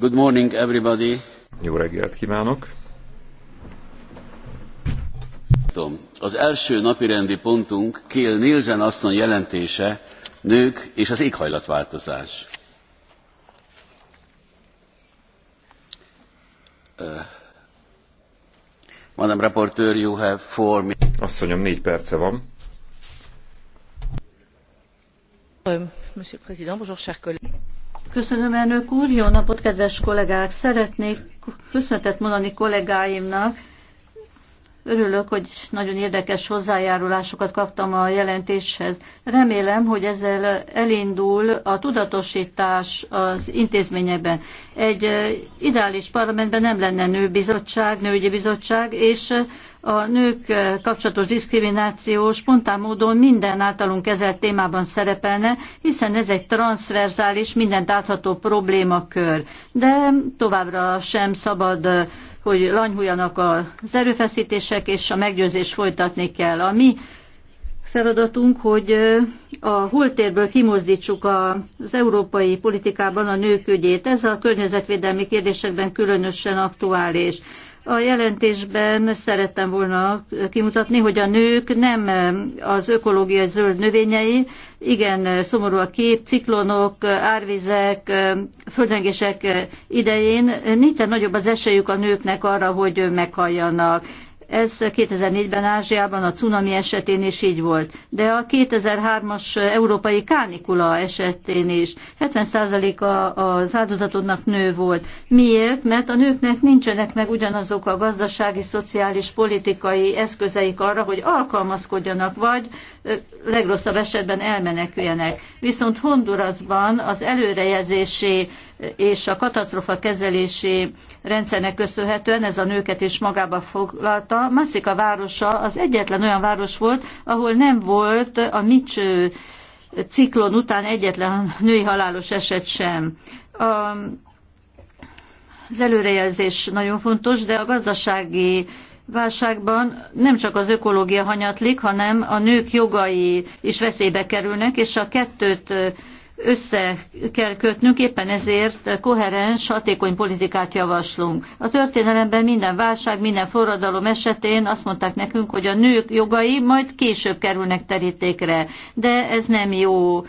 Good morning, everybody. Jó reggelt kívánok. Az első napirendi pontunk Kél Nielsen asszony jelentése Nők és az éghajlatváltozás. Uh, Madam Rapporteur, you have four minutes. Asszonyom, négy perce van. Monsieur le Président, bonjour chers collègues. Köszönöm, elnök úr, jó napot, kedves kollégák! Szeretnék köszönetet mondani kollégáimnak, Örülök, hogy nagyon érdekes hozzájárulásokat kaptam a jelentéshez. Remélem, hogy ezzel elindul a tudatosítás az intézményekben. Egy ideális parlamentben nem lenne nőbizottság, nőügyi bizottság, és a nők kapcsolatos diszkrimináció spontán módon minden általunk kezelt témában szerepelne, hiszen ez egy transzverzális, mindent átható problémakör. De továbbra sem szabad hogy lanyhuljanak az erőfeszítések, és a meggyőzés folytatni kell. A mi feladatunk, hogy a holtérből kimozdítsuk az európai politikában a nők ügyét. Ez a környezetvédelmi kérdésekben különösen aktuális. A jelentésben szerettem volna kimutatni, hogy a nők nem az ökológiai zöld növényei, igen szomorú a kép, ciklonok, árvizek, földrengések idején nincsen nagyobb az esélyük a nőknek arra, hogy meghalljanak. Ez 2004-ben Ázsiában a cunami esetén is így volt, de a 2003-as európai kánikula esetén is 70%-a az áldozatoknak nő volt. Miért? Mert a nőknek nincsenek meg ugyanazok a gazdasági, szociális, politikai eszközeik arra, hogy alkalmazkodjanak, vagy legrosszabb esetben elmeneküljenek. Viszont Hondurasban az előrejelzési és a katasztrofa kezelési rendszernek köszönhetően ez a nőket is magába foglalta. Masszika városa az egyetlen olyan város volt, ahol nem volt a Mics ciklon után egyetlen női halálos eset sem. A, az előrejelzés nagyon fontos, de a gazdasági válságban nem csak az ökológia hanyatlik, hanem a nők jogai is veszélybe kerülnek, és a kettőt össze kell kötnünk, éppen ezért koherens, hatékony politikát javaslunk. A történelemben minden válság, minden forradalom esetén azt mondták nekünk, hogy a nők jogai majd később kerülnek terítékre, de ez nem jó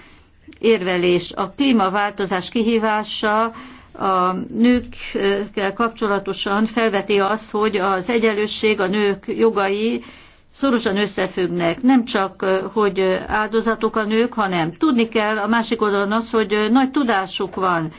érvelés. A klímaváltozás kihívása a nőkkel kapcsolatosan felveti azt, hogy az egyenlőség, a nők jogai szorosan összefüggnek. Nem csak, hogy áldozatok a nők, hanem tudni kell a másik oldalon az, hogy nagy tudásuk van.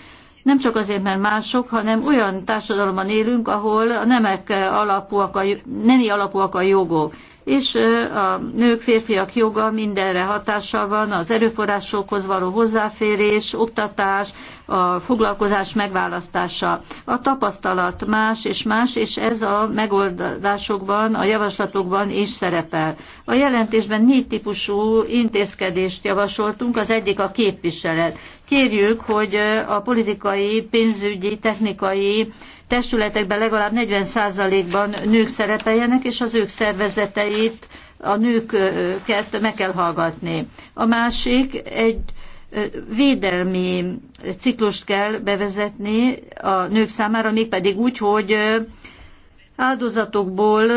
Nem csak azért, mert mások, hanem olyan társadalomban élünk, ahol a nemek alapúak a, nemi alapúak a jogok és a nők, férfiak joga mindenre hatással van, az erőforrásokhoz való hozzáférés, oktatás, a foglalkozás megválasztása. A tapasztalat más és más, és ez a megoldásokban, a javaslatokban is szerepel. A jelentésben négy típusú intézkedést javasoltunk, az egyik a képviselet. Kérjük, hogy a politikai, pénzügyi, technikai testületekben legalább 40%-ban nők szerepeljenek, és az ők szervezeteit, a nőket meg kell hallgatni. A másik egy védelmi ciklust kell bevezetni a nők számára, mégpedig úgy, hogy áldozatokból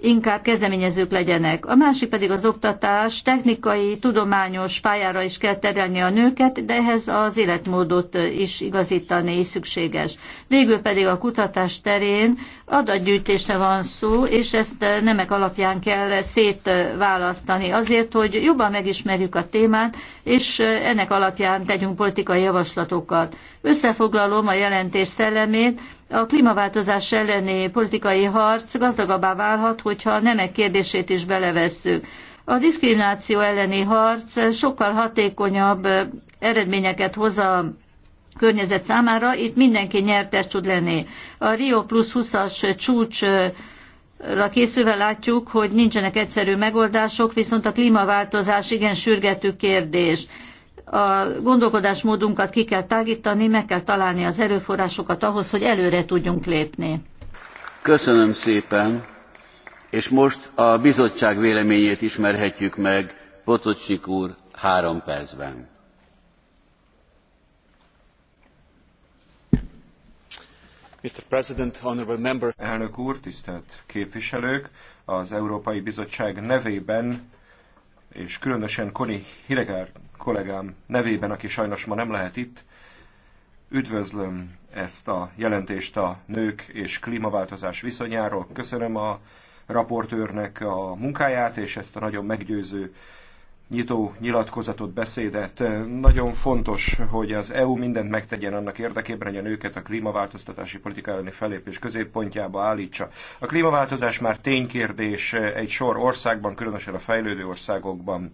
inkább kezdeményezők legyenek. A másik pedig az oktatás, technikai, tudományos pályára is kell terelni a nőket, de ehhez az életmódot is igazítani is szükséges. Végül pedig a kutatás terén adatgyűjtésre van szó, és ezt nemek alapján kell szétválasztani azért, hogy jobban megismerjük a témát, és ennek alapján tegyünk politikai javaslatokat. Összefoglalom a jelentés szellemét, a klímaváltozás elleni politikai harc gazdagabbá válhat, hogyha a nemek kérdését is belevesszük. A diszkrimináció elleni harc sokkal hatékonyabb eredményeket hoz a környezet számára, itt mindenki nyertes tud lenni. A Rio Plus 20-as csúcs készülve látjuk, hogy nincsenek egyszerű megoldások, viszont a klímaváltozás igen sürgető kérdés a gondolkodásmódunkat ki kell tágítani, meg kell találni az erőforrásokat ahhoz, hogy előre tudjunk lépni. Köszönöm szépen, és most a bizottság véleményét ismerhetjük meg Potocsik úr három percben. Mr. President, honorable member. Elnök úr, tisztelt képviselők! Az Európai Bizottság nevében és különösen Koni Hiregárd kollégám nevében, aki sajnos ma nem lehet itt. Üdvözlöm ezt a jelentést a nők és klímaváltozás viszonyáról. Köszönöm a raportőrnek a munkáját és ezt a nagyon meggyőző nyitó nyilatkozatot, beszédet. Nagyon fontos, hogy az EU mindent megtegyen annak érdekében, hogy a nőket a klímaváltoztatási politika elleni felépés középpontjába állítsa. A klímaváltozás már ténykérdés egy sor országban, különösen a fejlődő országokban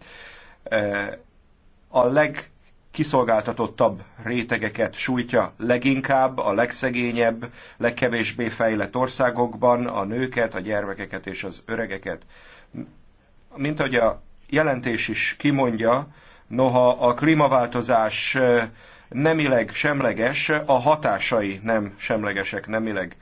a legkiszolgáltatottabb rétegeket sújtja leginkább a legszegényebb, legkevésbé fejlett országokban, a nőket, a gyermekeket és az öregeket. Mint ahogy a jelentés is kimondja, noha a klímaváltozás eh, nemileg semleges, a hatásai nem semlegesek nemileg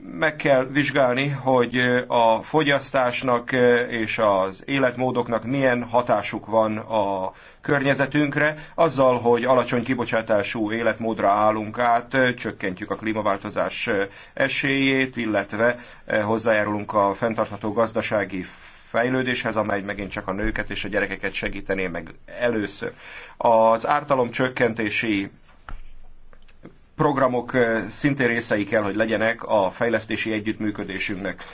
meg kell vizsgálni, hogy a fogyasztásnak és az életmódoknak milyen hatásuk van a környezetünkre. Azzal, hogy alacsony kibocsátású életmódra állunk át, csökkentjük a klímaváltozás esélyét, illetve hozzájárulunk a fenntartható gazdasági fejlődéshez, amely megint csak a nőket és a gyerekeket segítené meg először. Az ártalom csökkentési programok szintén részei kell, hogy legyenek a fejlesztési együttműködésünknek.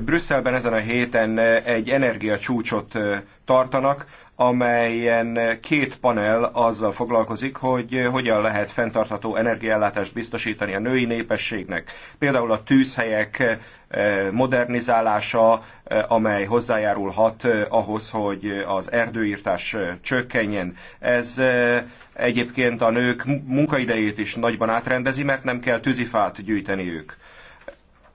Brüsszelben ezen a héten egy energiacsúcsot tartanak, amelyen két panel azzal foglalkozik, hogy eh, hogyan lehet fenntartható energiállátást biztosítani a női népességnek. Például a tűzhelyek eh, modernizálása, eh, amely hozzájárulhat ahhoz, hogy az erdőírtás csökkenjen. Ez egyébként a nők munkaidejét is nagyban átrendezi, mert nem kell tűzifát gyűjteniük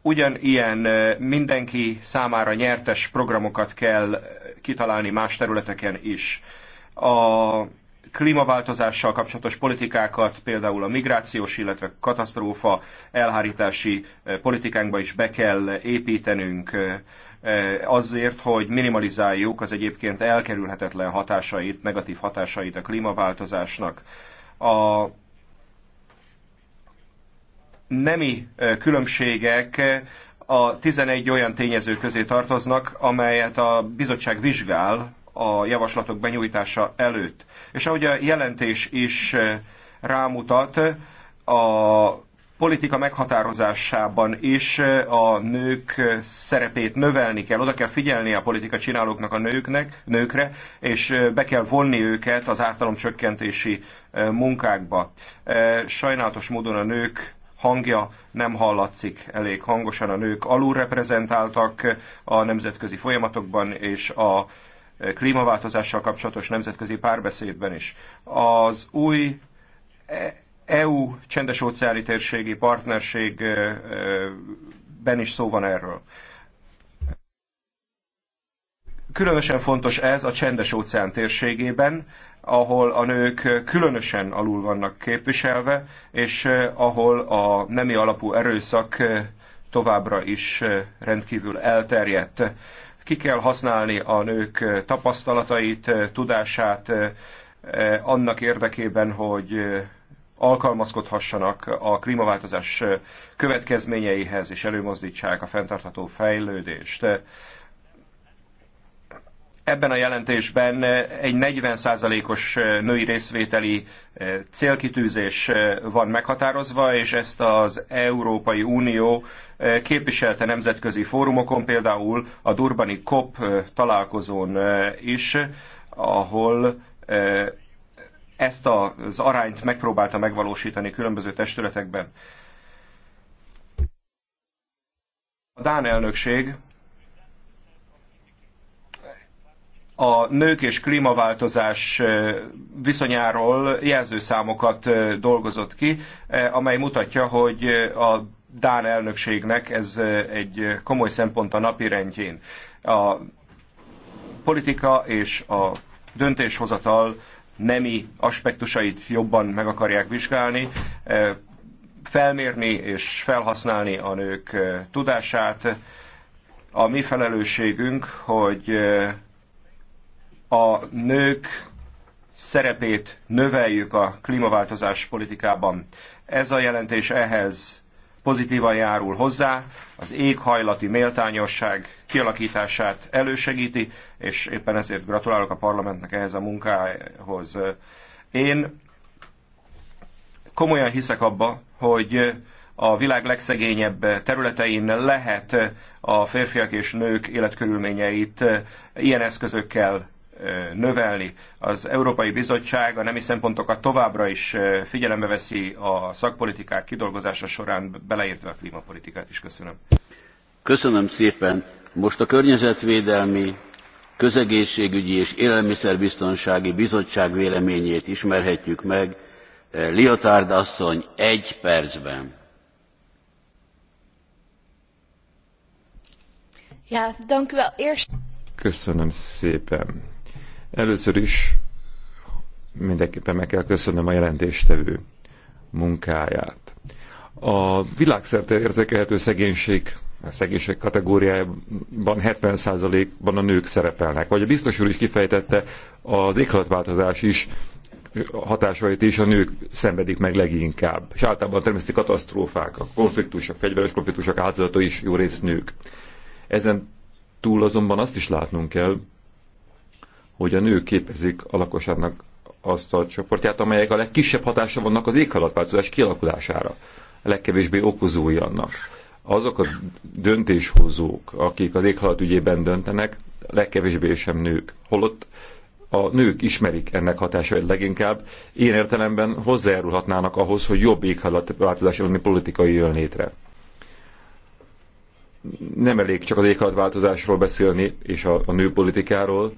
ugyanilyen mindenki számára nyertes programokat kell kitalálni más területeken is. A klímaváltozással kapcsolatos politikákat, például a migrációs, illetve katasztrófa elhárítási eh, politikánkba is be kell építenünk eh, azért, hogy minimalizáljuk az egyébként elkerülhetetlen hatásait, negatív hatásait a klímaváltozásnak. A nemi eh, különbségek a 11 olyan tényező közé tartoznak, amelyet a bizottság vizsgál a javaslatok benyújtása előtt. És ahogy a jelentés is eh, rámutat, a politika meghatározásában is eh, a nők eh, szerepét növelni kell, oda kell figyelni a politika csinálóknak a nőknek, nőkre, és be kell vonni őket az ártalomcsökkentési munkákba. Sajnálatos módon a nők hangja nem hallatszik elég hangosan. A nők alulreprezentáltak a nemzetközi folyamatokban és a klímaváltozással kapcsolatos nemzetközi párbeszédben is. Az új EU e csendes óceáni térségi partnerségben is szó van erről. Különösen fontos ez a csendes óceán térségében, ahol a nők különösen alul vannak képviselve, és eh, ahol a nemi alapú erőszak eh, továbbra is eh, rendkívül elterjedt. Ki kell használni a nők tapasztalatait, tudását annak érdekében, hogy alkalmazkodhassanak a klímaváltozás következményeihez, és előmozdítsák a fenntartható fejlődést. Ebben a jelentésben egy 40%-os női részvételi eh, célkitűzés eh, van meghatározva, és ezt az Európai Unió eh, képviselte nemzetközi fórumokon, például a Durbani COP találkozón is, ahol ezt az arányt megpróbálta megvalósítani különböző testületekben. A Dán elnökség a nők és klímaváltozás viszonyáról jelzőszámokat dolgozott ki, amely mutatja, hogy a Dán elnökségnek ez egy komoly szempont a napirendjén. A politika és a döntéshozatal nemi aspektusait jobban meg akarják vizsgálni, felmérni és felhasználni a nők tudását. A mi felelősségünk, hogy a nők szerepét növeljük a klímaváltozás politikában. Ez a jelentés ehhez pozitívan járul hozzá, az éghajlati méltányosság kialakítását elősegíti, és éppen ezért gratulálok a parlamentnek ehhez a munkához. Én komolyan hiszek abba, hogy a világ legszegényebb területein lehet a férfiak és nők életkörülményeit ilyen eszközökkel növelni. Az Európai Bizottság a nemi szempontokat továbbra is figyelembe veszi a szakpolitikák kidolgozása során, beleértve a klímapolitikát is. Köszönöm. Köszönöm szépen. Most a Környezetvédelmi, Közegészségügyi és Élelmiszerbiztonsági Bizottság véleményét ismerhetjük meg. Liotárd asszony egy percben. Ja, dank u wel. Eerst... Köszönöm szépen. Először is mindenképpen meg kell köszönnöm a jelentéstevő munkáját. A világszerte érzékelhető szegénység a szegénység kategóriájában 70%-ban a nők szerepelnek. Vagy a biztos úr is kifejtette, az éghajlatváltozás is hatásait is a nők szenvedik meg leginkább. És általában természeti katasztrófák, a konfliktusok, fegyveres konfliktusok áldozata is jó részt nők. Ezen túl azonban azt is látnunk kell, hogy a nők képezik a lakosságnak azt a csoportját, amelyek a legkisebb hatása vannak az éghajlatváltozás kialakulására, a legkevésbé okozói annak. Azok a döntéshozók, akik az éghajlat ügyében döntenek, legkevésbé sem nők. Holott a nők ismerik ennek hatásait leginkább, én értelemben hozzájárulhatnának ahhoz, hogy jobb éghajlatváltozás elleni politikai jön létre. Nem elég csak az éghajlatváltozásról beszélni és a, a nőpolitikáról,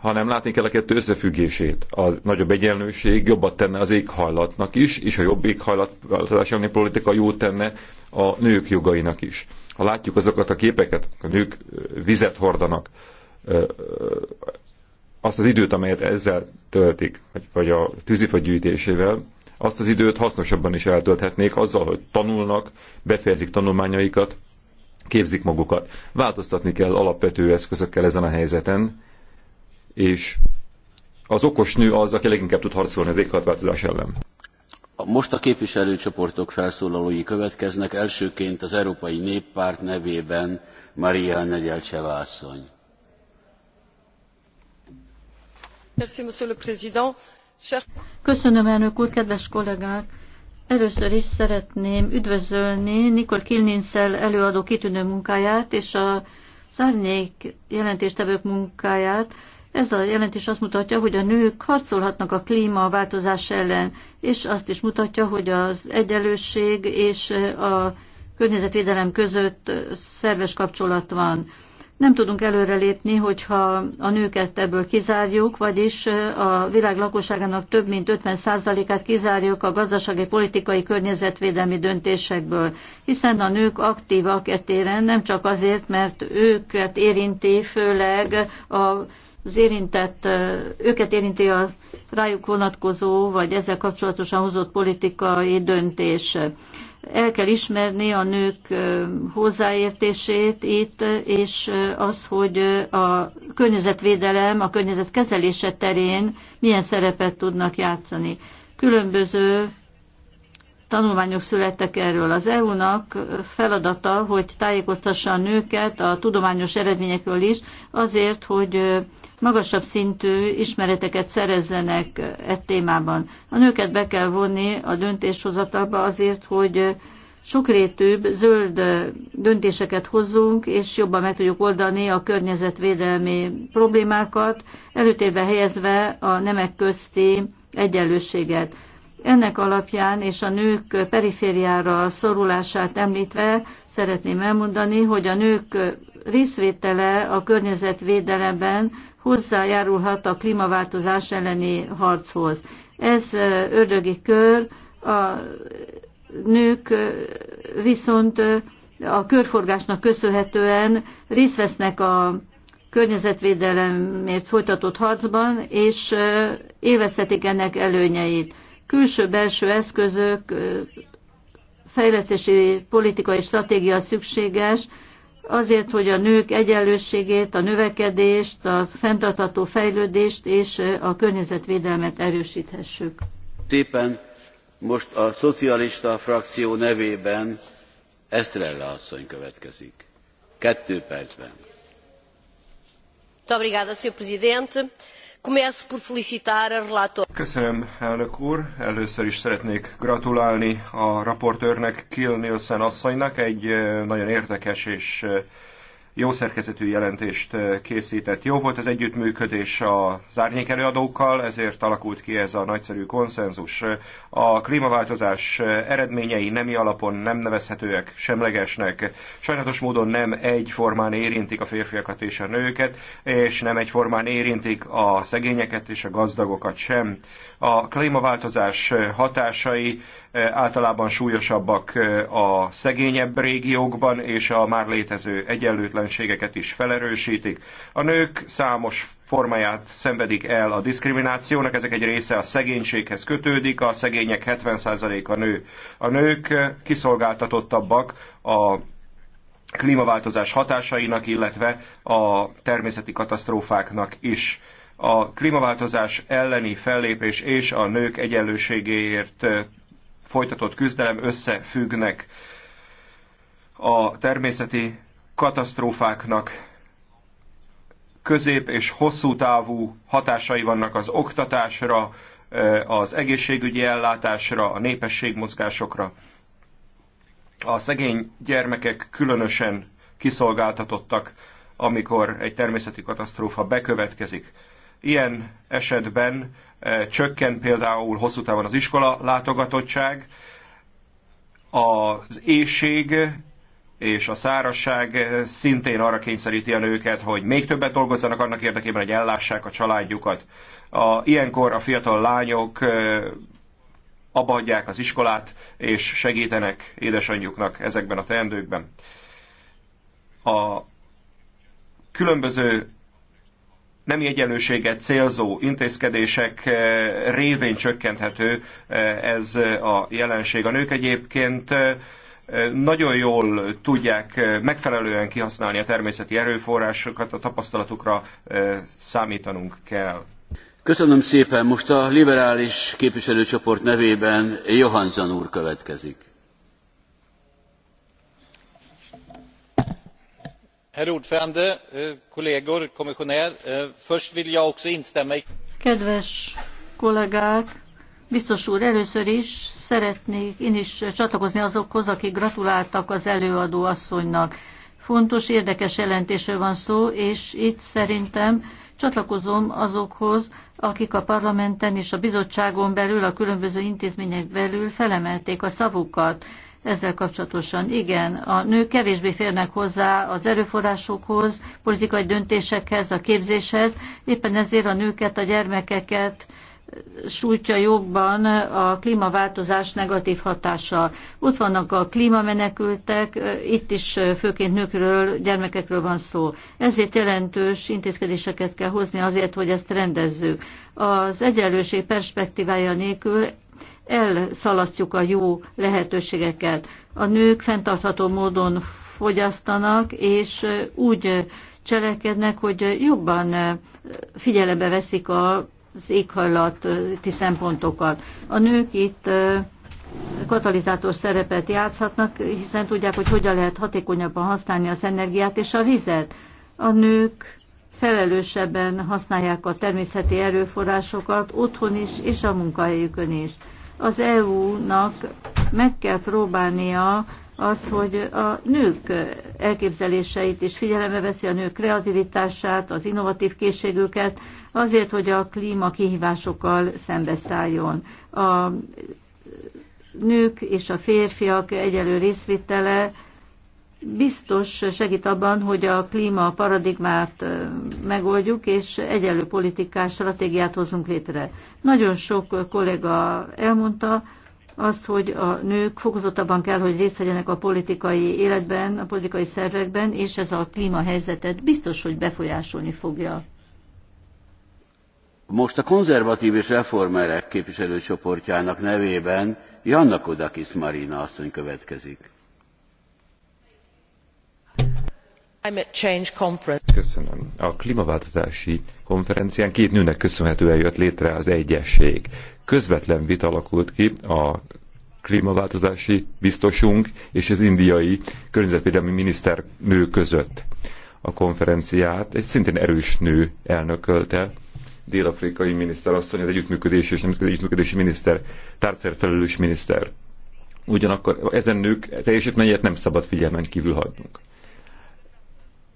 hanem látni kell a kettő összefüggését. A nagyobb egyenlőség jobbat tenne az éghajlatnak is, és a jobb éghajlat társadalmi politika jót tenne a nők jogainak is. Ha látjuk azokat a képeket, a nők vizet hordanak, azt az időt, amelyet ezzel töltik, vagy a tűzifa gyűjtésével, azt az időt hasznosabban is eltölthetnék azzal, hogy tanulnak, befejezik tanulmányaikat, képzik magukat. Változtatni kell alapvető eszközökkel ezen a helyzeten, és az okos nő az, aki leginkább tud harcolni az éghajlatváltozás ellen. Most a képviselőcsoportok felszólalói következnek. Elsőként az Európai Néppárt nevében Maria Negyelcseva asszony. Köszönöm, elnök úr, kedves kollégák! Először is szeretném üdvözölni Nikol Kilninszel előadó kitűnő munkáját és a szárnyék jelentéstevők munkáját, ez a jelentés azt mutatja, hogy a nők harcolhatnak a klímaváltozás ellen, és azt is mutatja, hogy az egyenlőség és a környezetvédelem között szerves kapcsolat van. Nem tudunk előrelépni, hogyha a nőket ebből kizárjuk, vagyis a világ lakosságának több mint 50%-át kizárjuk a gazdasági, politikai, környezetvédelmi döntésekből, hiszen a nők aktívak etéren nem csak azért, mert őket érinti főleg a az érintett, őket érinti a rájuk vonatkozó, vagy ezzel kapcsolatosan hozott politikai döntés. El kell ismerni a nők hozzáértését itt, és az, hogy a környezetvédelem, a környezet kezelése terén milyen szerepet tudnak játszani. Különböző tanulmányok születtek erről. Az EU-nak feladata, hogy tájékoztassa a nőket a tudományos eredményekről is, azért, hogy magasabb szintű ismereteket szerezzenek e témában. A nőket be kell vonni a döntéshozatalba azért, hogy sokrétűbb, zöld döntéseket hozzunk, és jobban meg tudjuk oldani a környezetvédelmi problémákat, előtérbe helyezve a nemek közti egyenlőséget. Ennek alapján és a nők perifériára szorulását említve szeretném elmondani, hogy a nők részvétele a környezetvédelemben hozzájárulhat a klímaváltozás elleni harchoz. Ez ördögi kör, a nők viszont a körforgásnak köszönhetően részt vesznek a környezetvédelemért folytatott harcban, és élvezhetik ennek előnyeit külső-belső eszközök, fejlesztési politikai stratégia szükséges, azért, hogy a nők egyenlőségét, a növekedést, a fenntartható fejlődést és a környezetvédelmet erősíthessük. Szépen most a szocialista frakció nevében Esztrella asszony következik. Kettő percben. Obrigada, Sr. Presidente Começo por felicitar a relator. Köszönöm, elnök úr. Először is szeretnék gratulálni a raportőrnek, Kill Nielsen asszonynak. Egy eh, nagyon érdekes és eh, jó szerkezetű jelentést készített. Jó volt az együttműködés az árnyék előadókkal, ezért alakult ki ez a nagyszerű konszenzus. A klímaváltozás eredményei nemi alapon nem nevezhetőek semlegesnek. Sajnálatos módon nem egyformán érintik a férfiakat és a nőket, és nem egyformán érintik a szegényeket és a gazdagokat sem. A klímaváltozás hatásai általában súlyosabbak a szegényebb régiókban és a már létező egyenlőtlen egyenlőtlenségeket is felerősítik. A nők számos formáját szenvedik el a diszkriminációnak, ezek egy része a szegénységhez kötődik, a szegények 70%-a nő. A nők kiszolgáltatottabbak a klímaváltozás hatásainak, illetve a természeti katasztrófáknak is a klímaváltozás elleni fellépés és a nők egyenlőségéért eh, folytatott küzdelem összefüggnek. A természeti katasztrófáknak közép és hosszú távú hatásai vannak az oktatásra, az egészségügyi ellátásra, a népességmozgásokra. A szegény gyermekek különösen kiszolgáltatottak, amikor egy természeti katasztrófa bekövetkezik. Ilyen esetben csökken például hosszú távon az iskola látogatottság, az éjség és a szárasság eh, szintén arra kényszeríti a nőket, hogy még többet dolgozzanak annak érdekében, hogy ellássák a családjukat. A, ilyenkor a fiatal lányok eh, abadják az iskolát, és segítenek édesanyjuknak ezekben a teendőkben. A különböző nemi egyenlőséget célzó intézkedések eh, révén csökkenthető ez a jelenség. A nők egyébként nagyon jól tudják eh, megfelelően kihasználni a természeti erőforrásokat, a tapasztalatukra eh, számítanunk kell. Köszönöm szépen. Most a liberális képviselőcsoport nevében Johansson úr következik. Herr ordförande, eh, kollegor, kommissionär, först vill jag också instämma i... Kedves kollégák, Biztos úr, először is szeretnék én is csatlakozni azokhoz, akik gratuláltak az előadó asszonynak. Fontos, érdekes jelentésről van szó, és itt szerintem csatlakozom azokhoz, akik a parlamenten és a bizottságon belül, a különböző intézmények belül felemelték a szavukat ezzel kapcsolatosan. Igen, a nők kevésbé férnek hozzá az erőforrásokhoz, politikai döntésekhez, a képzéshez, éppen ezért a nőket, a gyermekeket sújtja jobban a klímaváltozás negatív hatása. Ott vannak a klímamenekültek, itt is főként nőkről, gyermekekről van szó. Ezért jelentős intézkedéseket kell hozni azért, hogy ezt rendezzük. Az egyenlőség perspektívája nélkül elszalasztjuk a jó lehetőségeket. A nők fenntartható módon fogyasztanak, és úgy cselekednek, hogy jobban figyelembe veszik a az éghajlati szempontokat. A nők itt katalizátor szerepet játszhatnak, hiszen tudják, hogy hogyan lehet hatékonyabban használni az energiát és a vizet. A nők felelősebben használják a természeti erőforrásokat otthon is és a munkahelyükön is. Az EU-nak meg kell próbálnia az, hogy a nők elképzeléseit, és figyelembe veszi a nők kreativitását, az innovatív készségüket, azért, hogy a klíma kihívásokkal szembeszálljon. A nők és a férfiak egyelő részvétele biztos segít abban, hogy a klíma paradigmát megoldjuk, és egyelő politikás stratégiát hozunk létre. Nagyon sok kollega elmondta, azt, hogy a nők fokozottabban kell, hogy részt vegyenek a politikai életben, a politikai szervekben, és ez a klímahelyzetet biztos, hogy befolyásolni fogja. Most a konzervatív és reformerek képviselőcsoportjának nevében Janna Kodakis Marina asszony következik. Climate Change Conference Köszönöm. A klímaváltozási konferencián két nőnek köszönhetően jött létre az egyesség. Közvetlen vita alakult ki a klímaváltozási biztosunk és az indiai környezetvédelmi miniszter nő között a konferenciát. Egy szintén erős nő elnökölte, dél-afrikai miniszter asszony, az együttműködés és nemzetközi együttműködési miniszter, tárcérfelelős miniszter. Ugyanakkor ezen nők teljesítményét nem szabad figyelmen kívül hagynunk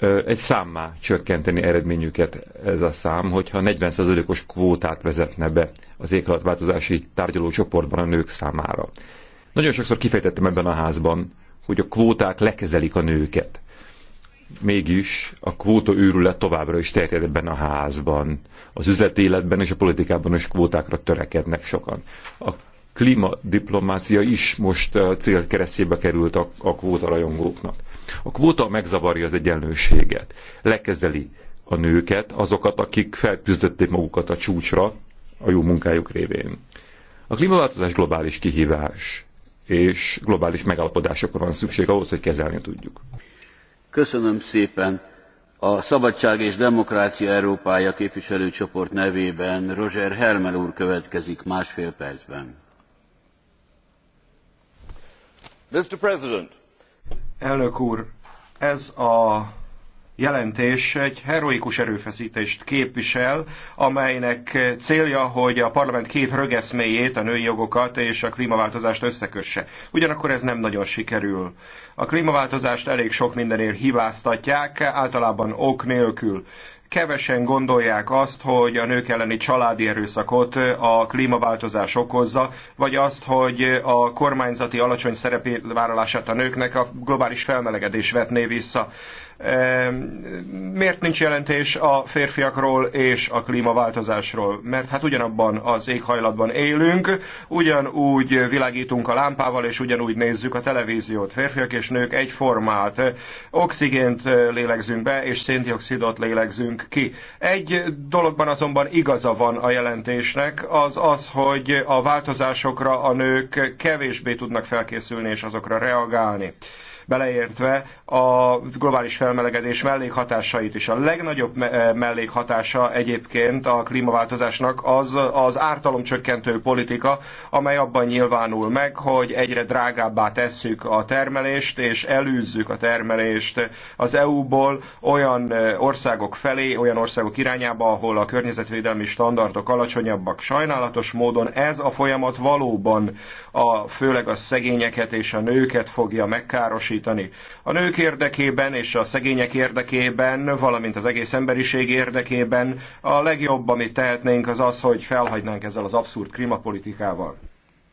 egy számmá csökkenteni eredményüket ez a szám, hogyha 40%-os kvótát vezetne be az éghajlatváltozási tárgyalócsoportban a nők számára. Nagyon sokszor kifejtettem ebben a házban, hogy a kvóták lekezelik a nőket. Mégis a kvóta őrület továbbra is terjed ebben a házban. Az üzleti életben és a politikában is kvótákra törekednek sokan. A klímadiplomácia is most célkeresztjébe került a, a rajongóknak. A kvóta megzavarja az egyenlőséget, lekezeli a nőket, azokat, akik felküzdötték magukat a csúcsra a jó munkájuk révén. A klímaváltozás globális kihívás, és globális megállapodásokra van szükség ahhoz, hogy kezelni tudjuk. Köszönöm szépen a Szabadság és Demokrácia Európája képviselőcsoport nevében Roger Hermel úr következik másfél percben. Mr. President, Elnök úr, ez a jelentés egy heroikus erőfeszítést képvisel, amelynek célja, hogy a parlament két rögeszméjét, a női jogokat és a klímaváltozást összekösse. Ugyanakkor ez nem nagyon sikerül. A klímaváltozást elég sok mindenért hibáztatják, általában ok nélkül. Kevesen gondolják azt, hogy a nők elleni családi erőszakot a klímaváltozás okozza, vagy azt, hogy a kormányzati alacsony szerepvállalását a nőknek a globális felmelegedés vetné vissza. Miért nincs jelentés a férfiakról és a klímaváltozásról? Mert hát ugyanabban az éghajlatban élünk, ugyanúgy világítunk a lámpával, és ugyanúgy nézzük a televíziót. Férfiak és nők egyformát. Oxigént lélegzünk be, és széndiokszidot lélegzünk ki. Egy dologban azonban igaza van a jelentésnek, az az, hogy a változásokra a nők kevésbé tudnak felkészülni és azokra reagálni beleértve a globális felmelegedés mellékhatásait is. A legnagyobb eh, mellékhatása egyébként a klímaváltozásnak az az ártalomcsökkentő politika, amely abban nyilvánul meg, hogy egyre drágábbá tesszük a termelést, és elűzzük a termelést az EU-ból olyan eh, országok felé, olyan országok irányába, ahol a környezetvédelmi standardok alacsonyabbak. Sajnálatos módon ez a folyamat valóban a, főleg a szegényeket és a nőket fogja megkárosítani megvalósítani. A nők érdekében és a szegények érdekében, valamint az egész emberiség érdekében a legjobb, amit tehetnénk, az az, hogy felhagynánk ezzel az abszurd klímapolitikával.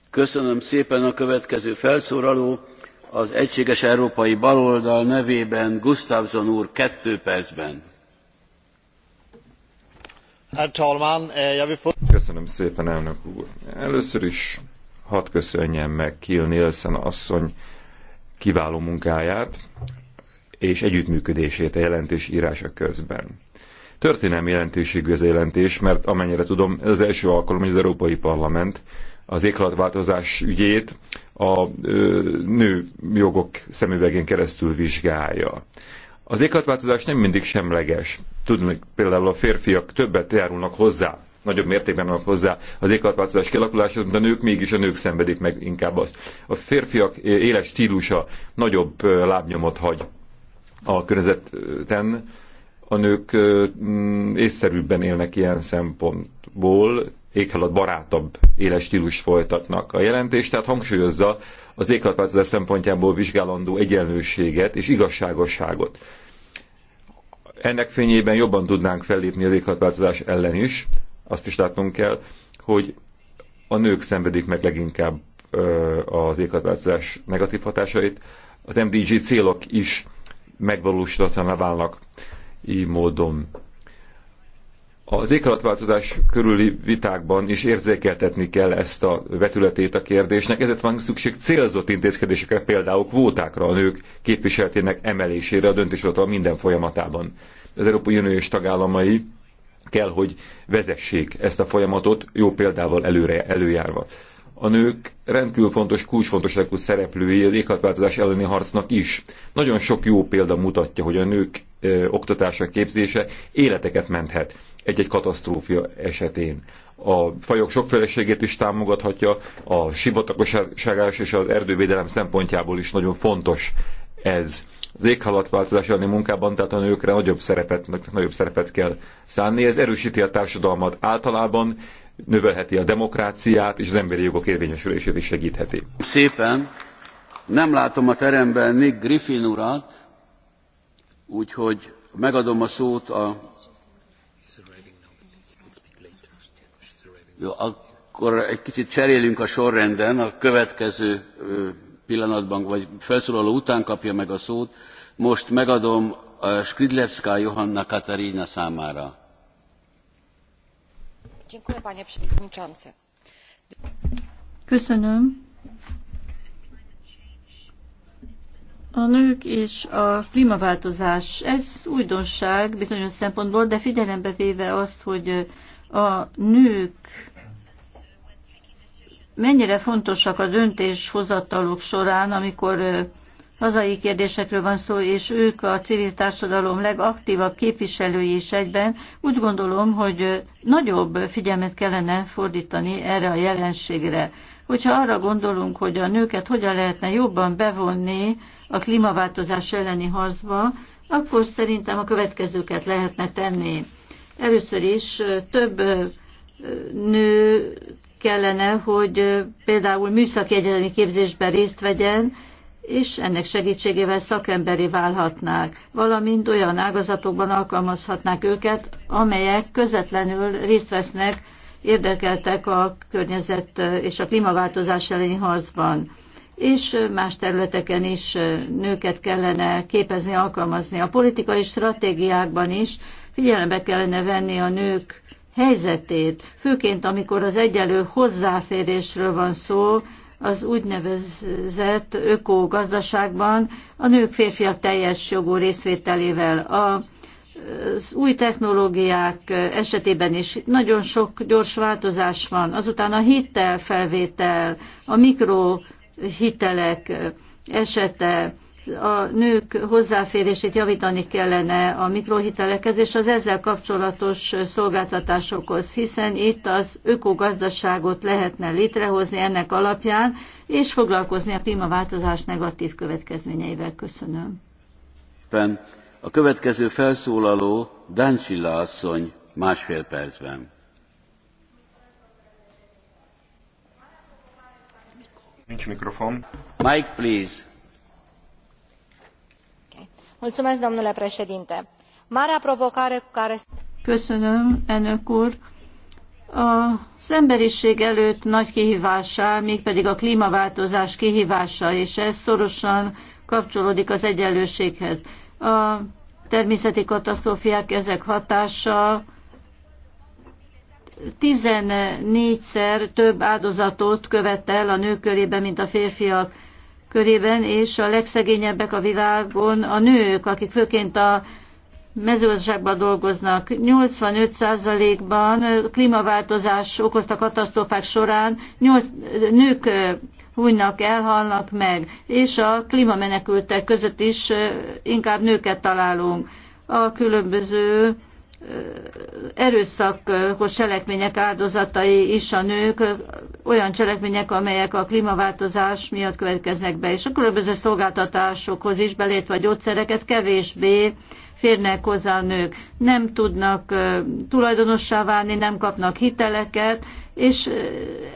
Köszönöm szépen a következő felszólaló. Az Egységes Európai Baloldal nevében Gustavson úr kettő percben. Eh, Köszönöm szépen, elnök úr. Először is hadd köszönjem meg Kill Nielsen asszony kiváló munkáját és együttműködését a jelentés írása közben. Történelmi jelentőségű ez a jelentés, mert amennyire tudom, ez az első alkalom, hogy az Európai Parlament az éghajlatváltozás ügyét a nő jogok szemüvegén keresztül vizsgálja. Az éghajlatváltozás nem mindig semleges. Tudni például a férfiak többet járulnak hozzá nagyobb mértékben vannak hozzá az éghajlatváltozás kialakuláshoz, de a nők mégis a nők szenvedik meg inkább azt. A férfiak éles stílusa nagyobb lábnyomot hagy a környezetten, a nők észszerűbben élnek ilyen szempontból, éghajlat barátabb éles stílus folytatnak. A jelentés tehát hangsúlyozza az éghajlatváltozás szempontjából vizsgálandó egyenlőséget és igazságosságot. Ennek fényében jobban tudnánk fellépni az éghajlatváltozás ellen is, azt is látnunk kell, hogy a nők szenvedik meg leginkább az éghajlatváltozás negatív hatásait. Az MDG célok is megvalósítatlaná válnak így módon. Az éghajlatváltozás körüli vitákban is érzékeltetni kell ezt a vetületét a kérdésnek, ezért van szükség célzott intézkedésekre, például kvótákra a nők képviseletének emelésére a döntéshozatal minden folyamatában. Az Európai Unió és tagállamai kell, hogy vezessék ezt a folyamatot, jó példával előre, előjárva. A nők rendkívül fontos, kulcsfontosságú szereplői az éghatváltozás elleni harcnak is. Nagyon sok jó példa mutatja, hogy a nők ö, oktatása, képzése életeket menthet egy-egy katasztrófia esetén a fajok sokféleségét is támogathatja, a sivatagosságás és az erdővédelem szempontjából is nagyon fontos ez az éghalatváltozás elleni munkában, tehát a nőkre nagyobb szerepet, nagyobb szerepet kell szánni. Ez erősíti a társadalmat általában, növelheti a demokráciát, és az emberi jogok érvényesülését is segítheti. Szépen. Nem látom a teremben Nick Griffin urat, úgyhogy megadom a szót a... Jó, akkor egy kicsit cserélünk a sorrenden, a következő pillanatban, vagy felszólaló után kapja meg a szót. Most megadom uh, Skridlevská Johanna Katarina számára. Köszönöm. A nők és a klímaváltozás, ez újdonság bizonyos szempontból, de figyelembe véve azt, hogy a nők mennyire fontosak a döntéshozatalok során, amikor hazai kérdésekről van szó, és ők a civil társadalom legaktívabb képviselői is egyben, úgy gondolom, hogy nagyobb figyelmet kellene fordítani erre a jelenségre. Hogyha arra gondolunk, hogy a nőket hogyan lehetne jobban bevonni a klímaváltozás elleni harcba, akkor szerintem a következőket lehetne tenni. Először is több nő kellene, hogy például műszaki egyetemi képzésben részt vegyen, és ennek segítségével szakemberi válhatnák, valamint olyan ágazatokban alkalmazhatnák őket, amelyek közvetlenül részt vesznek, érdekeltek a környezet és a klímaváltozás elleni harcban és más területeken is nőket kellene képezni, alkalmazni. A politikai stratégiákban is figyelembe kellene venni a nők helyzetét, főként amikor az egyenlő hozzáférésről van szó az úgynevezett ökogazdaságban a nők férfiak teljes jogú részvételével. A, az új technológiák esetében is nagyon sok gyors változás van. Azután a hitelfelvétel, a mikrohitelek esete, a nők hozzáférését javítani kellene a mikrohitelekhez és az ezzel kapcsolatos szolgáltatásokhoz, hiszen itt az ökogazdaságot lehetne létrehozni ennek alapján, és foglalkozni a klímaváltozás negatív következményeivel. Köszönöm. A következő felszólaló Dáncsilla asszony másfél percben. Nincs mikrofon. Mike, please marea provocare cu care. az emberiség előtt nagy kihívássá mégpedig a klímaváltozás kihívása és ez szorosan kapcsolódik az egyenlőséghez. A természeti katasztrófiák ezek hatása tizennégyszer szer több áldozatot el a nők körében, mint a férfiak körében, és a legszegényebbek a világon a nők, akik főként a mezőgazdaságban dolgoznak. 85%-ban klímaváltozás okozta katasztrófák során 8, nők hunynak, elhalnak meg, és a klímamenekültek között is inkább nőket találunk. A különböző erőszakos cselekmények áldozatai is a nők, olyan cselekmények, amelyek a klímaváltozás miatt következnek be, és a különböző szolgáltatásokhoz is belétve a gyógyszereket kevésbé férnek hozzá a nők. Nem tudnak tulajdonossá válni, nem kapnak hiteleket, és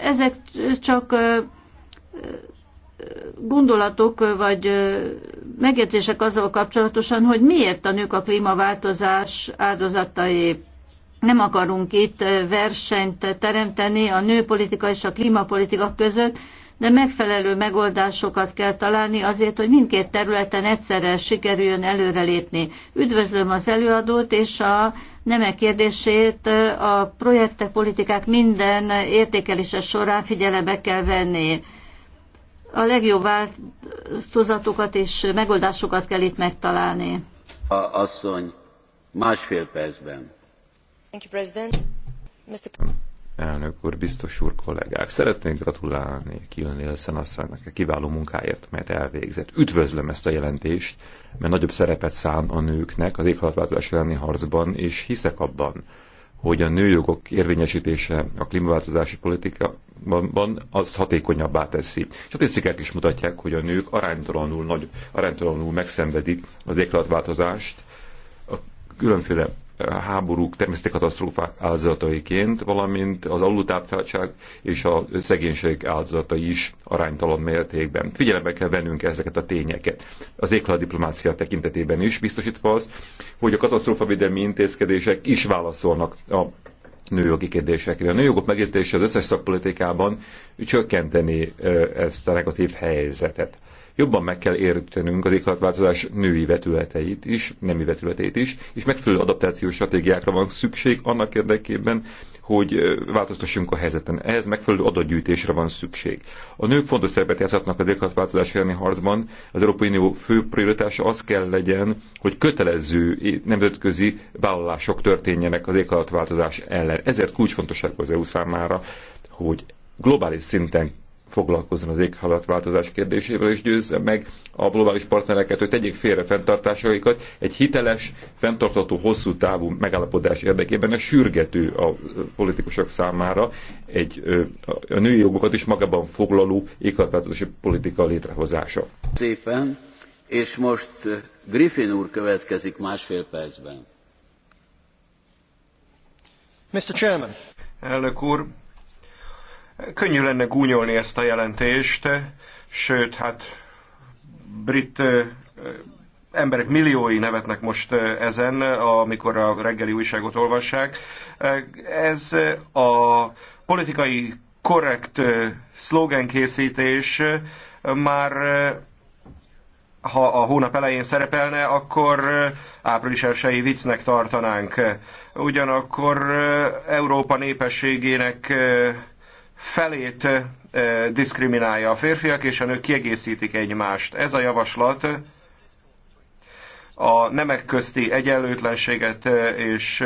ezek csak gondolatok vagy megjegyzések azzal kapcsolatosan, hogy miért a nők a klímaváltozás áldozatai. Nem akarunk itt versenyt teremteni a nőpolitika és a klímapolitika között, de megfelelő megoldásokat kell találni azért, hogy mindkét területen egyszerre sikerüljön előrelépni. Üdvözlöm az előadót és a nemek kérdését a projektek, politikák minden értékelése során figyelembe kell venni a legjobb változatokat és megoldásokat kell itt megtalálni. A asszony másfél percben. Elnök úr, biztos úr kollégák, szeretnék gratulálni Kill Nielsen asszonynak a kiváló munkáért, melyet elvégzett. Üdvözlöm ezt a jelentést, mert nagyobb szerepet szán a nőknek az éghajlatváltozás elleni harcban, és hiszek abban, hogy a nőjogok érvényesítése a klímaváltozási politikában az hatékonyabbá teszi. Statisztikák is mutatják, hogy a nők aránytalanul, nagy, aránytalanul megszenvedik az éghajlatváltozást a különféle háborúk természeti katasztrófák áldozataiként, valamint az alultápláltság és a szegénység áldozatai is aránytalan mértékben. Figyelembe kell vennünk ezeket a tényeket. Az diplomácia tekintetében is biztosítva az, hogy a katasztrófavédelmi intézkedések is válaszolnak a nőjogi kérdésekre. A nőjogok megértése az összes szakpolitikában csökkenteni ezt a negatív helyzetet. Jobban meg kell értenünk az éghajlatváltozás női vetületeit is, nemi vetületeit is, és megfelelő adaptációs stratégiákra van szükség annak érdekében, hogy változtassunk a helyzeten. Ehhez megfelelő adatgyűjtésre van szükség. A nők fontos szerepet játszhatnak az éghajlatváltozás elleni harcban. Az Európai Unió fő prioritása az kell legyen, hogy kötelező nemzetközi vállalások történjenek az éghajlatváltozás ellen. Ezért kulcsfontosságú az EU számára, hogy globális szinten foglalkozzon az éghajlatváltozás kérdésével, és győzze meg a globális partnereket, hogy tegyék félre fenntartásaikat egy hiteles, fenntartható, hosszú távú megállapodás érdekében. Ez sürgető a politikusok számára egy a női jogokat is magában foglaló éghajlatváltozási politika létrehozása. Szépen, és most Griffin úr következik másfél percben. Mr. Chairman. Elnök úr, Könnyű lenne gúnyolni ezt a jelentést, sőt, hát brit emberek milliói nevetnek most ezen, amikor a reggeli újságot olvassák. Ez a politikai korrekt szlogenkészítés már ha a hónap elején szerepelne, akkor április elsői viccnek tartanánk. Ugyanakkor Európa népességének felét diszkriminálja a férfiak, és a nők kiegészítik egymást. Ez a javaslat a nemek közti egyenlőtlenséget és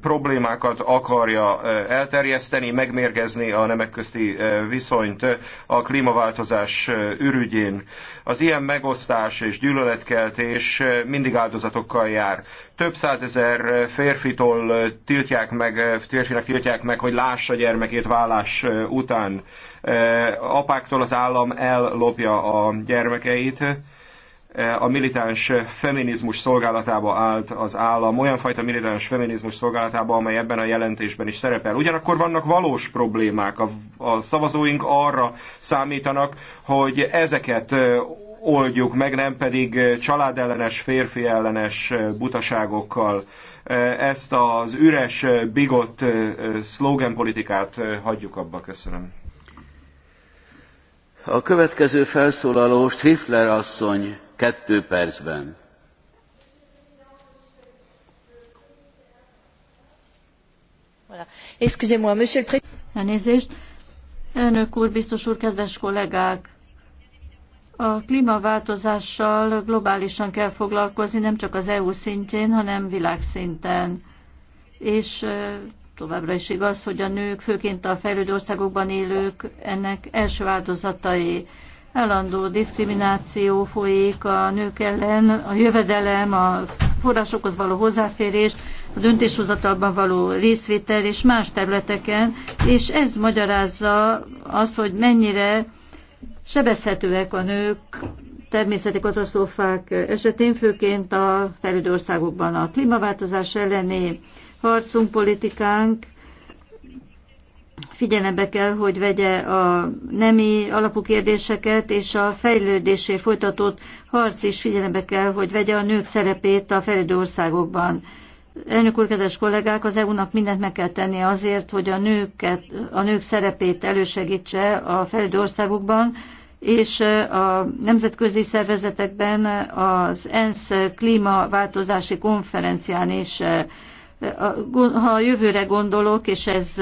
problémákat akarja elterjeszteni, megmérgezni a nemek közti viszonyt a klímaváltozás ürügyén. Az ilyen megosztás és gyűlöletkeltés mindig áldozatokkal jár. Több százezer férfitól tiltják meg, férfinak tiltják meg, hogy lássa gyermekét vállás után. Apáktól az állam ellopja a gyermekeit a militáns feminizmus szolgálatába állt az állam, olyan fajta militáns feminizmus szolgálatába, amely ebben a jelentésben is szerepel. Ugyanakkor vannak valós problémák, a, a szavazóink arra számítanak, hogy ezeket oldjuk meg, nem pedig családellenes, férfiellenes butaságokkal. Ezt az üres, bigott szlogenpolitikát hagyjuk abba. Köszönöm. A következő felszólaló Strifler asszony kettő percben. Elnézést. Elnök úr, biztos úr, kedves kollégák! A klímaváltozással globálisan kell foglalkozni, nem csak az EU szintjén, hanem világszinten. És továbbra is igaz, hogy a nők, főként a fejlődő országokban élők ennek első áldozatai. Állandó diszkrimináció folyik a nők ellen, a jövedelem, a forrásokhoz való hozzáférés, a döntéshozatalban való részvétel és más területeken, és ez magyarázza azt, hogy mennyire sebezhetőek a nők természeti katasztrófák esetén, főként a fejlődő országokban. A klímaváltozás elleni harcunk, politikánk figyelembe kell, hogy vegye a nemi alapú kérdéseket, és a fejlődésé folytatott harc is figyelembe kell, hogy vegye a nők szerepét a fejlődő országokban. Elnök úr, kedves kollégák, az EU-nak mindent meg kell tenni azért, hogy a, nőket, a nők szerepét elősegítse a fejlődő országokban, és a nemzetközi szervezetekben az ENSZ klímaváltozási konferencián is ha a jövőre gondolok, és ez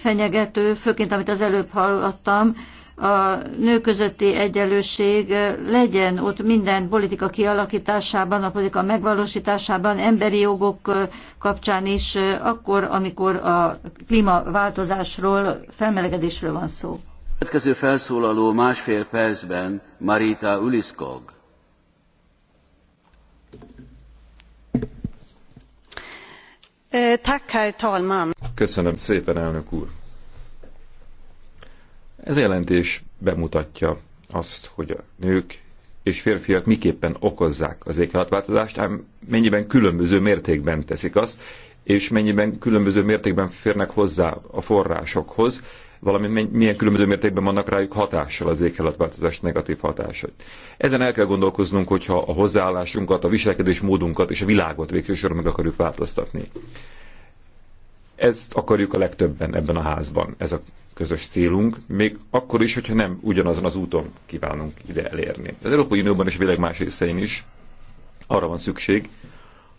fenyegető, főként amit az előbb hallottam, a nő közötti egyenlőség legyen ott minden politika kialakításában, a politika megvalósításában, emberi jogok kapcsán is, akkor, amikor a klímaváltozásról, felmelegedésről van szó. Következő felszólaló másfél percben Marita Uliskog. Eh, Köszönöm szépen, elnök úr. Ez a jelentés bemutatja azt, hogy a nők és férfiak miképpen okozzák az éghajlatváltozást, ám mennyiben különböző mértékben teszik azt, és mennyiben különböző mértékben férnek hozzá a forrásokhoz, valamint milyen különböző mértékben vannak rájuk hatással az éghajlatváltozás negatív hatásai. Ezen el kell gondolkoznunk, hogyha a hozzáállásunkat, a viselkedés módunkat és a világot végső meg akarjuk változtatni. Ezt akarjuk a legtöbben ebben a házban, ez a közös célunk, még akkor is, hogyha nem ugyanazon az úton kívánunk ide elérni. Az Európai Unióban és világ más részein is arra van szükség,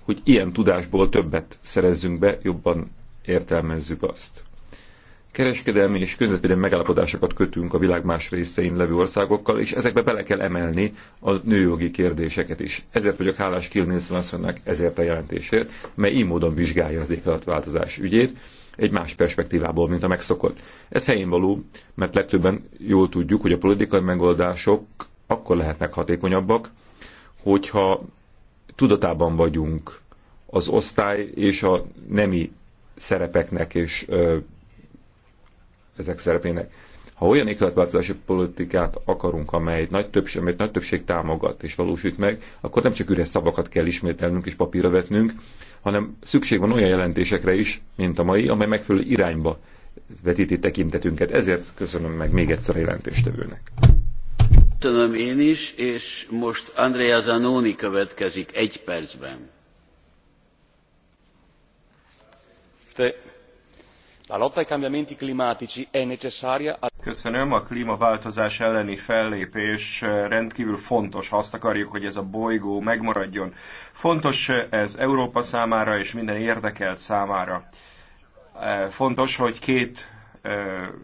hogy ilyen tudásból többet szerezzünk be, jobban értelmezzük azt kereskedelmi és közvetlen megállapodásokat kötünk a világ más részein levő országokkal, és ezekbe bele kell emelni a nőjogi kérdéseket is. Ezért vagyok hálás Kill Nilsson ezért a jelentésért, mely így módon vizsgálja az éghajlatváltozás ügyét, egy más perspektívából, mint a megszokott. Ez helyén való, mert legtöbben jól tudjuk, hogy a politikai megoldások akkor lehetnek hatékonyabbak, hogyha tudatában vagyunk az osztály és a nemi szerepeknek és ö, ezek szerepének. Ha olyan éghajlatváltozási politikát akarunk, amely nagy többség, amelyet nagy többség támogat és valósít meg, akkor nem csak üres szavakat kell ismételnünk és papírra vetnünk, hanem szükség van olyan jelentésekre is, mint a mai, amely megfelelő irányba vetíti tekintetünket. Ezért köszönöm meg még egyszer a jelentéstevőnek. Köszönöm én is, és most Andrea Zanoni következik egy percben. Te Köszönöm, a klímaváltozás elleni fellépés eh, rendkívül fontos, ha azt akarjuk, hogy ez a bolygó megmaradjon. Fontos eh, ez Európa számára és minden érdekelt számára. Eh, fontos, hogy két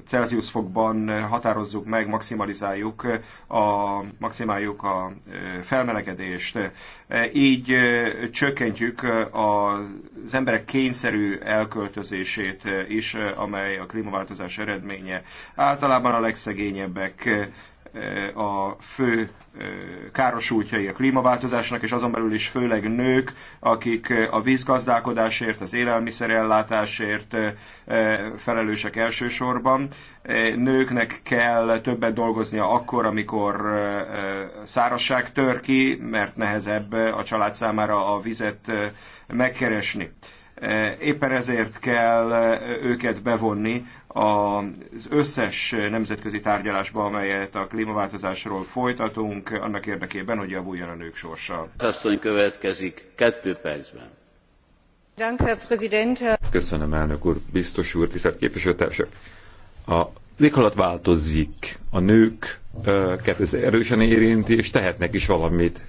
Celsius fokban határozzuk meg, maximalizáljuk a, maximáljuk a e, felmelegedést. E, így e, csökkentjük az emberek kényszerű elköltözését is, amely a klímaváltozás eredménye. Általában a legszegényebbek a fő károsultjai a klímaváltozásnak, és azon belül is főleg nők, akik a vízgazdálkodásért, az élelmiszerellátásért felelősek elsősorban. Nőknek kell többet dolgoznia akkor, amikor szárazság tör ki, mert nehezebb a család számára a vizet megkeresni Éppen ezért kell őket bevonni az összes nemzetközi tárgyalásba, amelyet a klímaváltozásról folytatunk, annak érdekében, hogy javuljon a nők sorsa. Asszony következik kettő percben. Köszönöm, elnök úr, biztos úr, tisztelt képviselőtársak. A léghalat változik, a nők ez erősen érinti, és tehetnek is valamit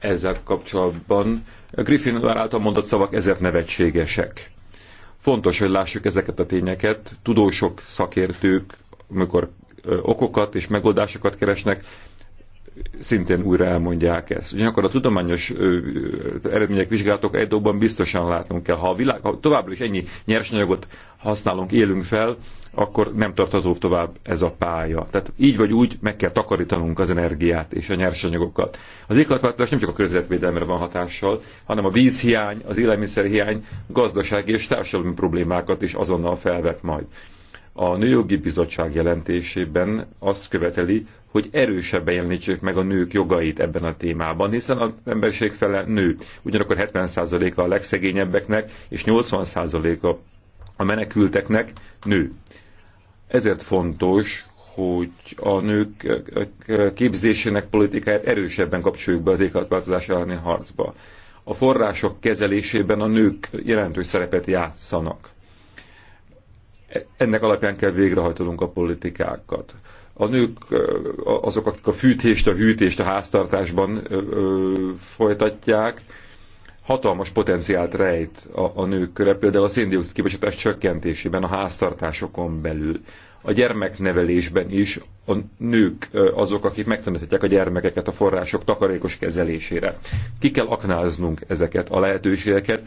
ezzel kapcsolatban a Griffin által mondott szavak ezért nevetségesek. Fontos, hogy lássuk ezeket a tényeket. Tudósok, szakértők, amikor okokat és megoldásokat keresnek, szintén újra elmondják ezt. Ugyanakkor a tudományos eredmények vizsgálatok egy biztosan látnunk kell. Ha, a világ, ha továbbra is ennyi nyersanyagot használunk, élünk fel, akkor nem tartható tovább ez a pálya. Tehát így vagy úgy meg kell takarítanunk az energiát és a nyersanyagokat. Az éghajlatváltozás nem csak a környezetvédelemre van hatással, hanem a vízhiány, az élelmiszerhiány gazdasági és társadalmi problémákat is azonnal felvet majd. A Nőjogi Bizottság jelentésében azt követeli, hogy erősebben jelenítsék meg a nők jogait ebben a témában, hiszen az emberiség fele nő. Ugyanakkor 70%-a a legszegényebbeknek, és 80%-a a menekülteknek nő. Ezért fontos, hogy a nők képzésének politikáját erősebben kapcsoljuk be az éghajlatváltozás elleni harcba. A források kezelésében a nők jelentős szerepet játszanak. Ennek alapján kell végrehajtanunk a politikákat. A nők azok, akik a fűtést, a hűtést a háztartásban folytatják, hatalmas potenciált rejt a, a nők köre, például a széndiokszid kibocsátás csökkentésében, a háztartásokon belül, a gyermeknevelésben is a nők azok, akik megtanulhatják a gyermekeket a források takarékos kezelésére. Ki kell aknáznunk ezeket a lehetőségeket.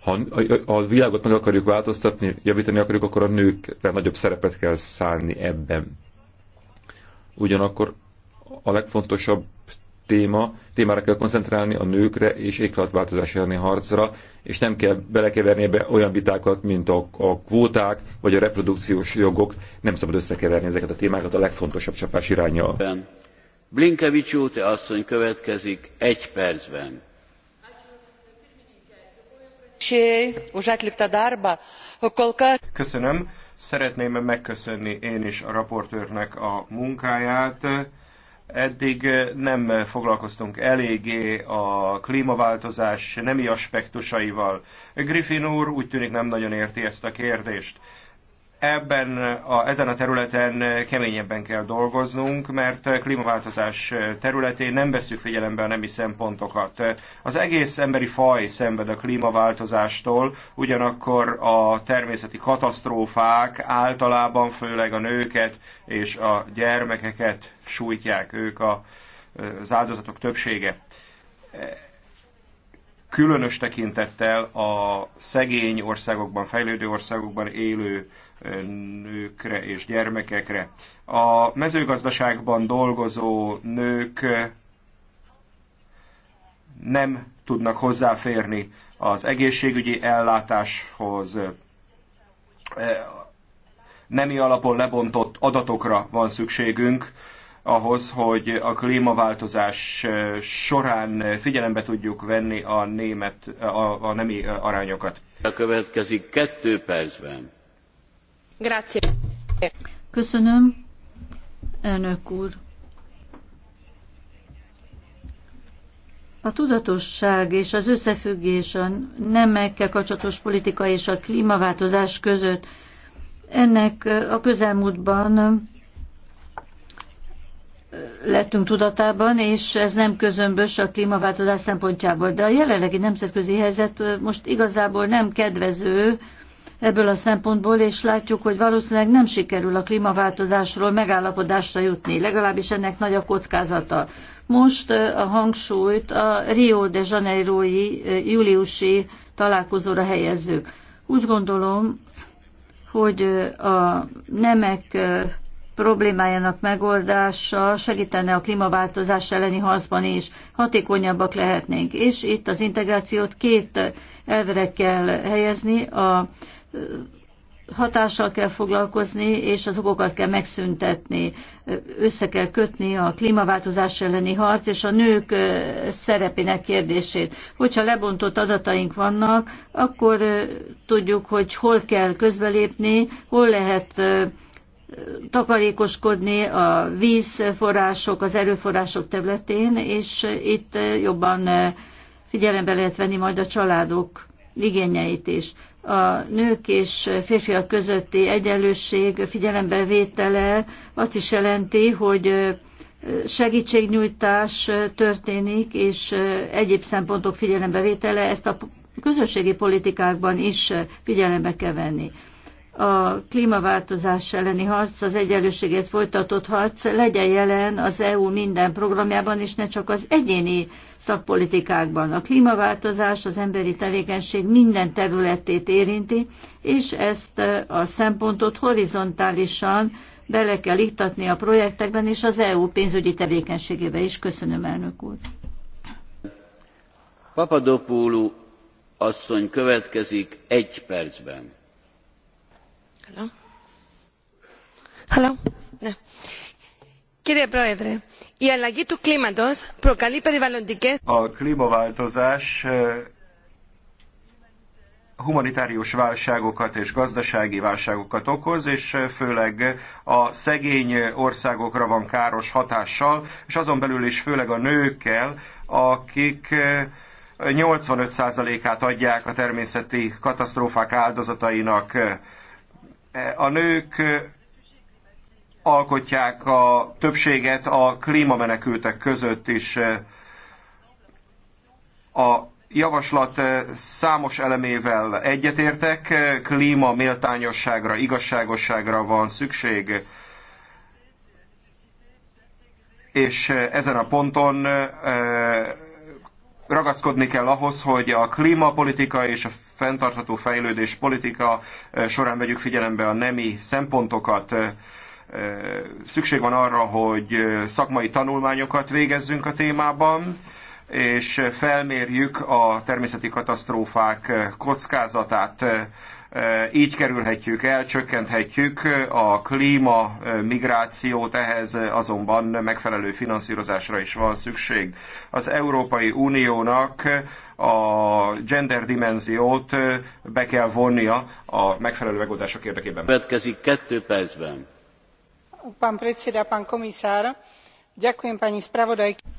Ha a világot meg akarjuk változtatni, javítani akarjuk, akkor a nőkre nagyobb szerepet kell szállni ebben. Ugyanakkor a legfontosabb téma, témára kell koncentrálni, a nőkre és éghajlatváltozás elleni harcra, és nem kell belekeverni ebbe olyan vitákat, mint a, a kvóták vagy a reprodukciós jogok. Nem szabad összekeverni ezeket a témákat a legfontosabb csapás irányjal. Blinkevics te asszony következik egy percben. Köszönöm. Szeretném megköszönni én is a raportőrnek a munkáját Eddig eh, nem eh, foglalkoztunk eléggé a klímaváltozás nemi aspektusaival. Griffin úr úgy tűnik nem nagyon érti ezt a kérdést ebben a, ezen a területen keményebben kell dolgoznunk, mert klímaváltozás területén nem veszük figyelembe a nemi szempontokat. Az egész emberi faj szenved a klímaváltozástól, ugyanakkor a természeti katasztrófák általában főleg a nőket és a gyermekeket sújtják, ők a, az áldozatok többsége különös tekintettel a szegény országokban, fejlődő országokban élő nőkre és gyermekekre. A mezőgazdaságban dolgozó nők nem tudnak hozzáférni az egészségügyi ellátáshoz, nemi alapon lebontott adatokra van szükségünk, ahhoz, hogy a klímaváltozás során figyelembe tudjuk venni a német, a, a nemi arányokat. A következik kettő percben. Köszönöm, elnök úr. A tudatosság és az összefüggés a nemekkel kapcsolatos politika és a klímaváltozás között ennek a közelmúltban lettünk tudatában, és ez nem közömbös a klímaváltozás szempontjából. De a jelenlegi nemzetközi helyzet most igazából nem kedvező ebből a szempontból, és látjuk, hogy valószínűleg nem sikerül a klímaváltozásról megállapodásra jutni, legalábbis ennek nagy a kockázata. Most a hangsúlyt a Rio de Janeiro-i júliusi találkozóra helyezzük. Úgy gondolom, hogy a nemek problémájának megoldása segítene a klímaváltozás elleni harcban is, hatékonyabbak lehetnénk. És itt az integrációt két elvre kell helyezni, a hatással kell foglalkozni, és az okokat kell megszüntetni. Össze kell kötni a klímaváltozás elleni harc és a nők szerepének kérdését. Hogyha lebontott adataink vannak, akkor tudjuk, hogy hol kell közbelépni, hol lehet takarékoskodni a vízforrások, az erőforrások területén, és itt jobban figyelembe lehet venni majd a családok igényeit is a nők és férfiak közötti egyenlőség vétele, azt is jelenti, hogy segítségnyújtás történik, és egyéb szempontok vétele ezt a közösségi politikákban is figyelembe kell venni a klímaváltozás elleni harc, az egyenlőségért folytatott harc legyen jelen az EU minden programjában, és ne csak az egyéni szakpolitikákban. A klímaváltozás az emberi tevékenység minden területét érinti, és ezt a szempontot horizontálisan bele kell iktatni a projektekben és az EU pénzügyi tevékenységébe is. Köszönöm, elnök úr. Papadopoulou asszony következik egy percben a klímaváltozás humanitárius válságokat és gazdasági válságokat okoz, és főleg a szegény országokra van káros hatással, és azon belül is főleg a nőkkel, akik 85%-át adják a természeti katasztrófák áldozatainak a nők alkotják a többséget a klímamenekültek között is. A javaslat számos elemével egyetértek, klíma méltányosságra, igazságosságra van szükség, és ezen a ponton ragaszkodni kell ahhoz, hogy a klímapolitika és a fenntartható fejlődés politika eh, során vegyük figyelembe a nemi szempontokat. Eh, eh, szükség van arra, hogy szakmai tanulmányokat végezzünk a témában, és felmérjük a természeti katasztrófák kockázatát. Így kerülhetjük el, csökkenthetjük a klíma migrációt, ehhez azonban megfelelő finanszírozásra is van szükség. Az Európai Uniónak a gender dimenziót be kell vonnia a megfelelő megoldások érdekében. Következik kettő percben. Pán predseda, pán komisár,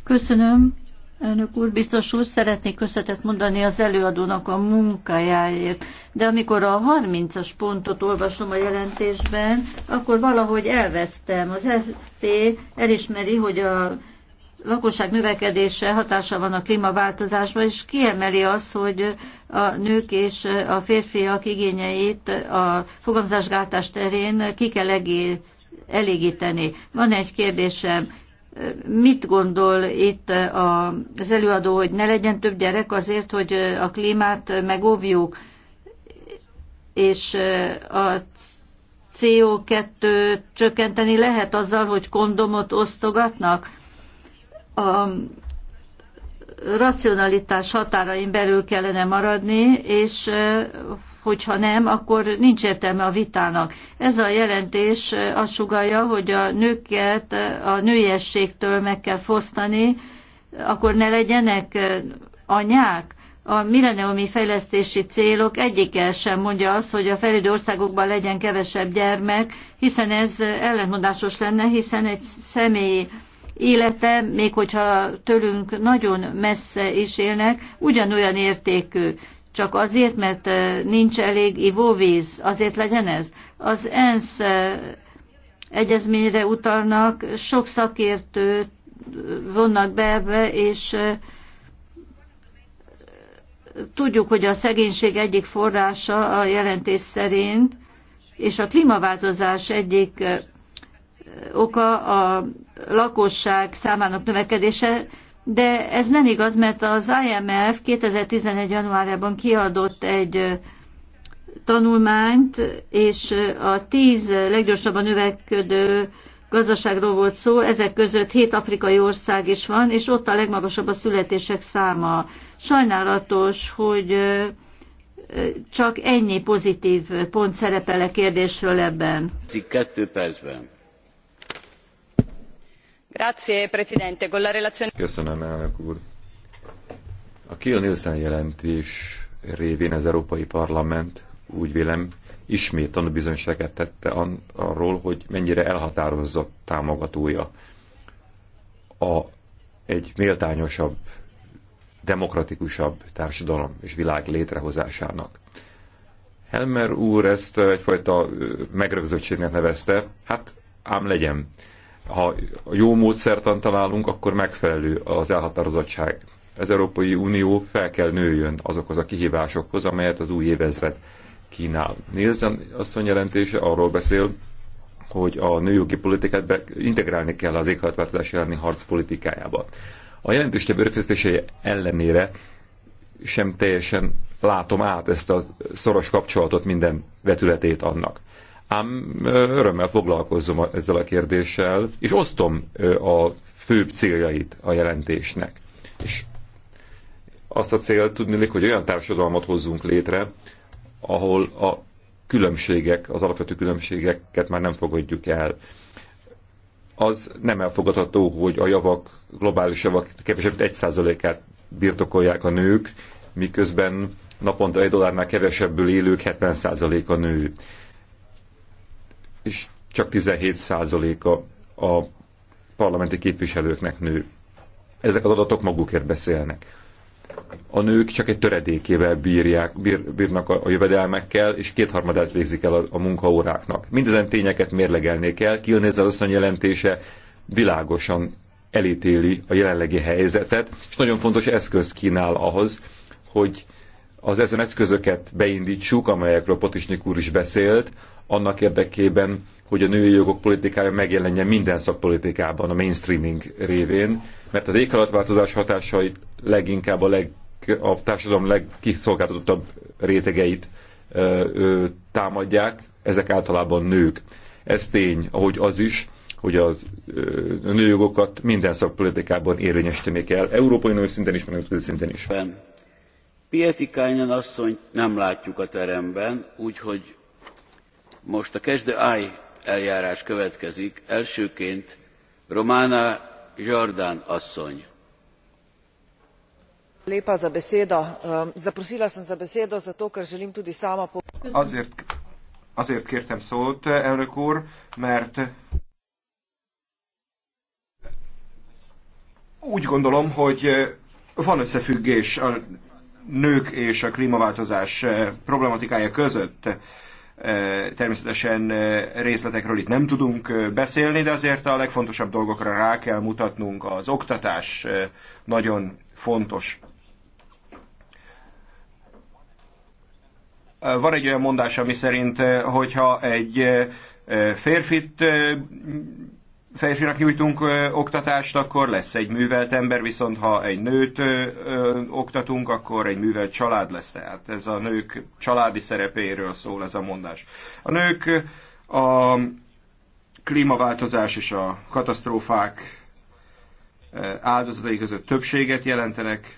Köszönöm, Önök úr, biztos úr, szeretnék köszönetet mondani az előadónak a munkájáért, de amikor a 30-as pontot olvasom a jelentésben, akkor valahogy elvesztem. Az FP elismeri, hogy a lakosság növekedése hatása van a klímaváltozásra, és kiemeli azt, hogy a nők és a férfiak igényeit a fogamzásgátás terén ki kell elégíteni. Van egy kérdésem, mit gondol itt eh, az előadó, hogy ne legyen több gyerek azért, hogy eh, a klímát megóvjuk, és eh, a CO2 csökkenteni lehet azzal, hogy kondomot osztogatnak? A racionalitás határain belül kellene maradni, és hogyha nem, akkor nincs értelme a vitának. Ez a jelentés azt sugalja, hogy a nőket a nőiességtől meg kell fosztani, akkor ne legyenek anyák. A milleniumi fejlesztési célok egyike sem mondja azt, hogy a fejlődő országokban legyen kevesebb gyermek, hiszen ez ellentmondásos lenne, hiszen egy személy élete, még hogyha tőlünk nagyon messze is élnek, ugyanolyan értékű csak azért, mert nincs elég ivóvíz, azért legyen ez. Az ENSZ egyezményre utalnak, sok szakértőt vonnak be ebbe, és tudjuk, hogy a szegénység egyik forrása a jelentés szerint, és a klímaváltozás egyik oka a lakosság számának növekedése, de ez nem igaz, mert az IMF 2011. januárjában kiadott egy tanulmányt, és a tíz leggyorsabban növekedő gazdaságról volt szó, ezek között hét afrikai ország is van, és ott a legmagasabb a születések száma. Sajnálatos, hogy csak ennyi pozitív pont szerepel a kérdésről ebben. Kettő percben. Köszönöm, elnök úr. A Kiel Nielsen jelentés révén az Európai Parlament úgy vélem ismét tanúbizonyságet tette arról, hogy mennyire elhatározott támogatója a, egy méltányosabb, demokratikusabb társadalom és világ létrehozásának. Helmer úr ezt egyfajta megrövzöttségnek nevezte, hát ám legyen. Ha jó módszertan találunk, akkor megfelelő az elhatározottság. Az Európai Unió fel kell nőjön azokhoz a kihívásokhoz, amelyet az új évezred kínál. Nielsen asszony jelentése arról beszél, hogy a nőjogi politikát be, integrálni kell az éghajlatváltozás elleni harc politikájába. A jelentős erőfeszítései ellenére sem teljesen látom át ezt a szoros kapcsolatot minden vetületét annak ám örömmel foglalkozom ezzel a kérdéssel, és osztom a főbb céljait a jelentésnek. És azt a cél, tudnélik, hogy olyan társadalmat hozzunk létre, ahol a különbségek, az alapvető különbségeket már nem fogadjuk el. Az nem elfogadható, hogy a javak, globális javak kevesebb, mint egy százalékát birtokolják a nők, miközben naponta egy dollárnál kevesebből élők 70 százaléka nő és csak 17%-a a parlamenti képviselőknek nő. Ezek az adatok magukért beszélnek. A nők csak egy töredékével bírják, bír, bírnak a, a jövedelmekkel, és kétharmadát végzik el a, a munkaóráknak. Mindezen tényeket mérlegelni kell. Kilnézel asszony jelentése világosan elítéli a jelenlegi helyzetet, és nagyon fontos eszköz kínál ahhoz, hogy az ezen eszközöket beindítsuk, amelyekről Potisnik úr is beszélt, annak érdekében, hogy a női jogok politikája megjelenjen minden szakpolitikában, a mainstreaming révén, mert az éghajlatváltozás hatásai leginkább a, leg, a társadalom legkiszolgáltatottabb rétegeit ö, ö, támadják, ezek általában nők. Ez tény, ahogy az is, hogy az, ö, a nőjogokat minden szakpolitikában érvényesíteni kell, európai női szinten is, meg szinten is. Ben. Pietikainen asszonyt nem látjuk a teremben, úgyhogy most a kezdő áj eljárás következik. Elsőként Romana Jordán asszony. Lepa za besedo. Zaprosila sem za besedo, zato ker želim tudi sama... Azért, azért kértem szót, elnök úr, mert úgy gondolom, hogy van összefüggés a nők és a klímaváltozás eh, problematikája között. Eh, természetesen eh, részletekről itt nem tudunk beszélni, de azért a legfontosabb dolgokra rá kell mutatnunk. Az oktatás nagyon fontos. Van egy olyan mondás, ami szerint, hogyha egy férfit férfinak nyújtunk ö, oktatást, akkor lesz egy művelt ember, viszont ha egy nőt ö, ö, oktatunk, akkor egy művelt család lesz. Tehát ez a nők családi szerepéről szól ez a mondás. A nők a klímaváltozás és a katasztrófák áldozatai között többséget jelentenek.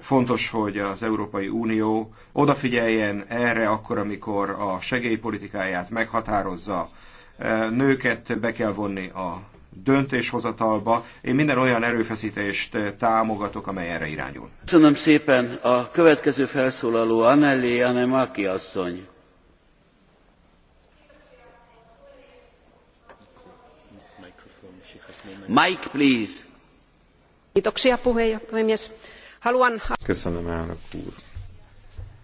Fontos, hogy az Európai Unió odafigyeljen erre akkor, amikor a segélypolitikáját meghatározza, nőket be kell vonni a döntéshozatalba. Én minden olyan erőfeszítést támogatok, amely erre irányul. Köszönöm szépen. A következő felszólaló Anneli Anemaki asszony. Mike, please. Kiitoksia puhemies. Haluan... Köszönöm, elnök úr.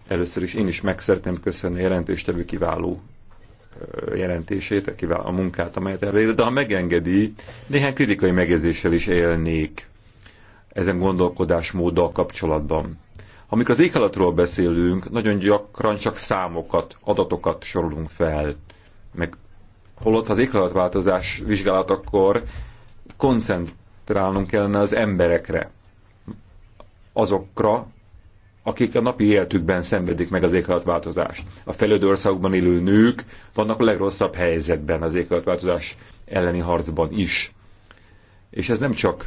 Először is én is meg szeretném köszönni a jelentéstevő kiváló jelentését, akivel a munkát, amelyet elvégzett, de ha megengedi, néhány kritikai megjegyzéssel is élnék ezen gondolkodásmóddal kapcsolatban. Amikor az éghajlatról beszélünk, nagyon gyakran csak számokat, adatokat sorolunk fel, meg holott az éghajlatváltozás vizsgálat akkor koncentrálnunk kellene az emberekre, azokra, akik a napi életükben szenvedik meg az éghajlatváltozást. A fejlődő országokban élő nők vannak a legrosszabb helyzetben az éghajlatváltozás elleni harcban is. És ez nem csak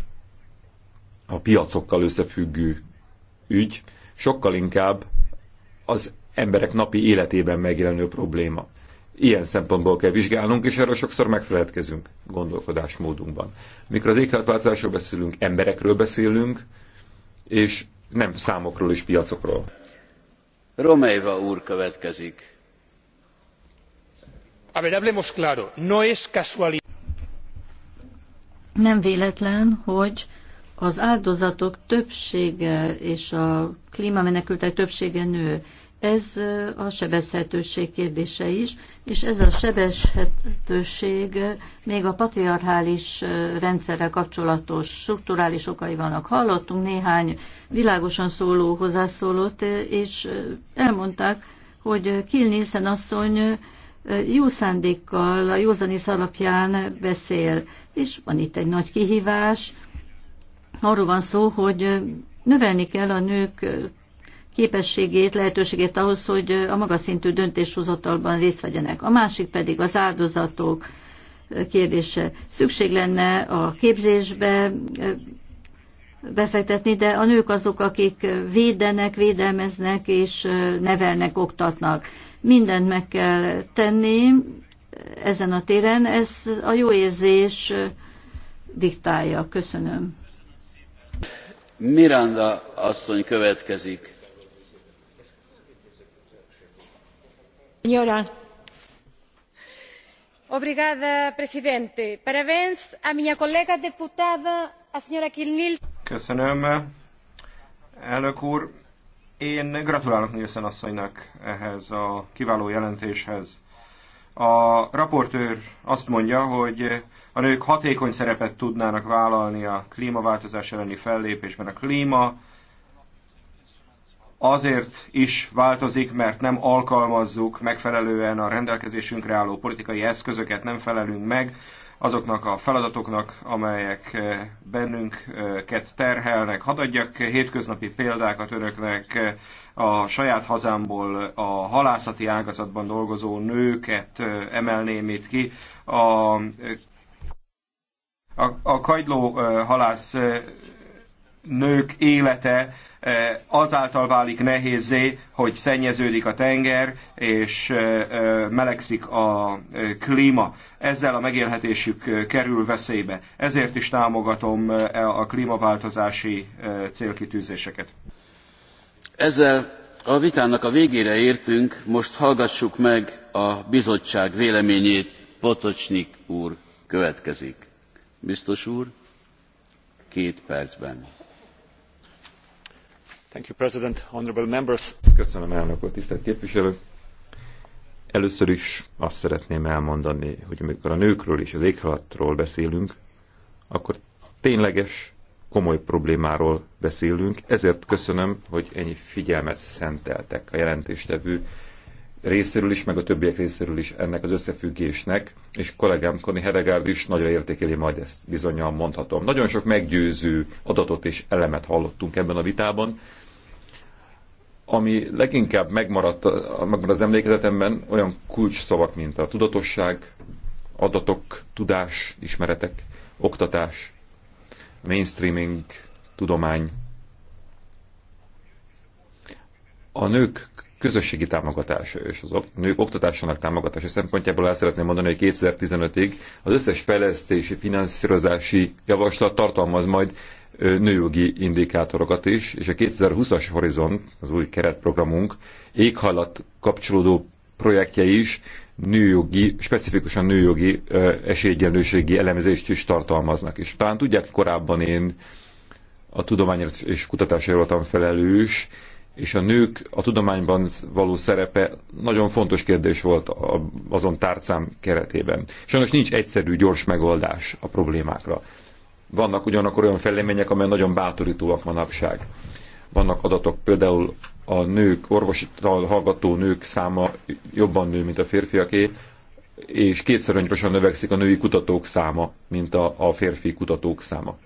a piacokkal összefüggő ügy, sokkal inkább az emberek napi életében megjelenő probléma. Ilyen szempontból kell vizsgálnunk, és erről sokszor megfeledkezünk gondolkodásmódunkban. Mikor az éghajlatváltozásról beszélünk, emberekről beszélünk, és nem számokról és piacokról. Romeiva úr következik. A ver, hablemos claro, no es casualidad. Nem véletlen, hogy az áldozatok többsége és a klímamenekültek többsége nő. Ez a sebezhetőség kérdése is, és ez a sebezhetőség még a patriarchális rendszerrel kapcsolatos strukturális okai vannak. Hallottunk néhány világosan szóló hozzászólót, és elmondták, hogy Kill Nielsen asszony jó szándékkal, a józanész alapján beszél, és van itt egy nagy kihívás. Arról van szó, hogy növelni kell a nők képességét, lehetőségét ahhoz, hogy a magas szintű döntéshozatalban részt vegyenek. A másik pedig az áldozatok kérdése. Szükség lenne a képzésbe befektetni, de a nők azok, akik védenek, védelmeznek és nevelnek, oktatnak. Mindent meg kell tenni ezen a téren, ez a jó érzés diktálja. Köszönöm. Miranda asszony következik. señora presidente parabéns a miña colega deputada a señora kiil nielsen. köszönöm elnök úr én gratulálok nielsen asszonynak ehhez a kiváló jelentéshez. A raportőr azt mondja, hogy a nők hatékony szerepet tudnának vállalni a klímaváltozás elleni fellépésben. A klíma azért is változik, mert nem alkalmazzuk megfelelően a rendelkezésünkre álló politikai eszközöket, nem felelünk meg azoknak a feladatoknak, amelyek eh, bennünket terhelnek. Hadd adjak hétköznapi példákat önöknek eh, a saját hazámból a halászati ágazatban dolgozó nőket eh, emelném itt ki. A, a, a kagyló halász nők élete eh, azáltal válik nehézé, hogy szennyeződik a tenger és eh, eh, melegszik a klíma. Ezzel a megélhetésük kerül veszélybe. Ezért is támogatom a klímaváltozási célkitűzéseket. Ezzel a vitának a végére értünk, most hallgassuk meg a bizottság véleményét. Potocsnik úr következik. Biztos úr, két percben. Köszönöm, elnök úr, tisztelt képviselő! Először is azt szeretném elmondani, hogy amikor a nőkről és az éghalatról beszélünk, akkor tényleges, komoly problémáról beszélünk, ezért köszönöm, hogy ennyi figyelmet szenteltek a jelentéstevő részéről is, meg a többiek részéről is ennek az összefüggésnek, és kollégám Koni Hedegárd is nagyra értékeli majd ezt bizonyal mondhatom. Nagyon sok meggyőző adatot és elemet hallottunk ebben a vitában, ami leginkább megmaradt, megmaradt az emlékezetemben olyan szavak mint a tudatosság, adatok, tudás, ismeretek, oktatás, mainstreaming, tudomány. A nők közösségi támogatása és az nők oktatásának támogatása szempontjából el szeretném mondani, hogy 2015-ig az összes fejlesztési, finanszírozási javaslat tartalmaz majd nőjogi indikátorokat is, és a 2020-as horizont, az új keretprogramunk, éghajlat kapcsolódó projektje is nőjogi, specifikusan nőjogi esélyegyenlőségi elemzést is tartalmaznak. És talán tudják, korábban én a tudományért és kutatásért voltam felelős, és a nők a tudományban való szerepe nagyon fontos kérdés volt azon tárcám keretében. Sajnos nincs egyszerű, gyors megoldás a problémákra. Vannak ugyanakkor olyan fellemények, amely nagyon bátorítóak manapság. Vannak adatok, például a nők, orvosi hallgató nők száma jobban nő, mint a férfiaké, és kétszer gyorsan növekszik a női kutatók száma, mint a, a férfi kutatók száma.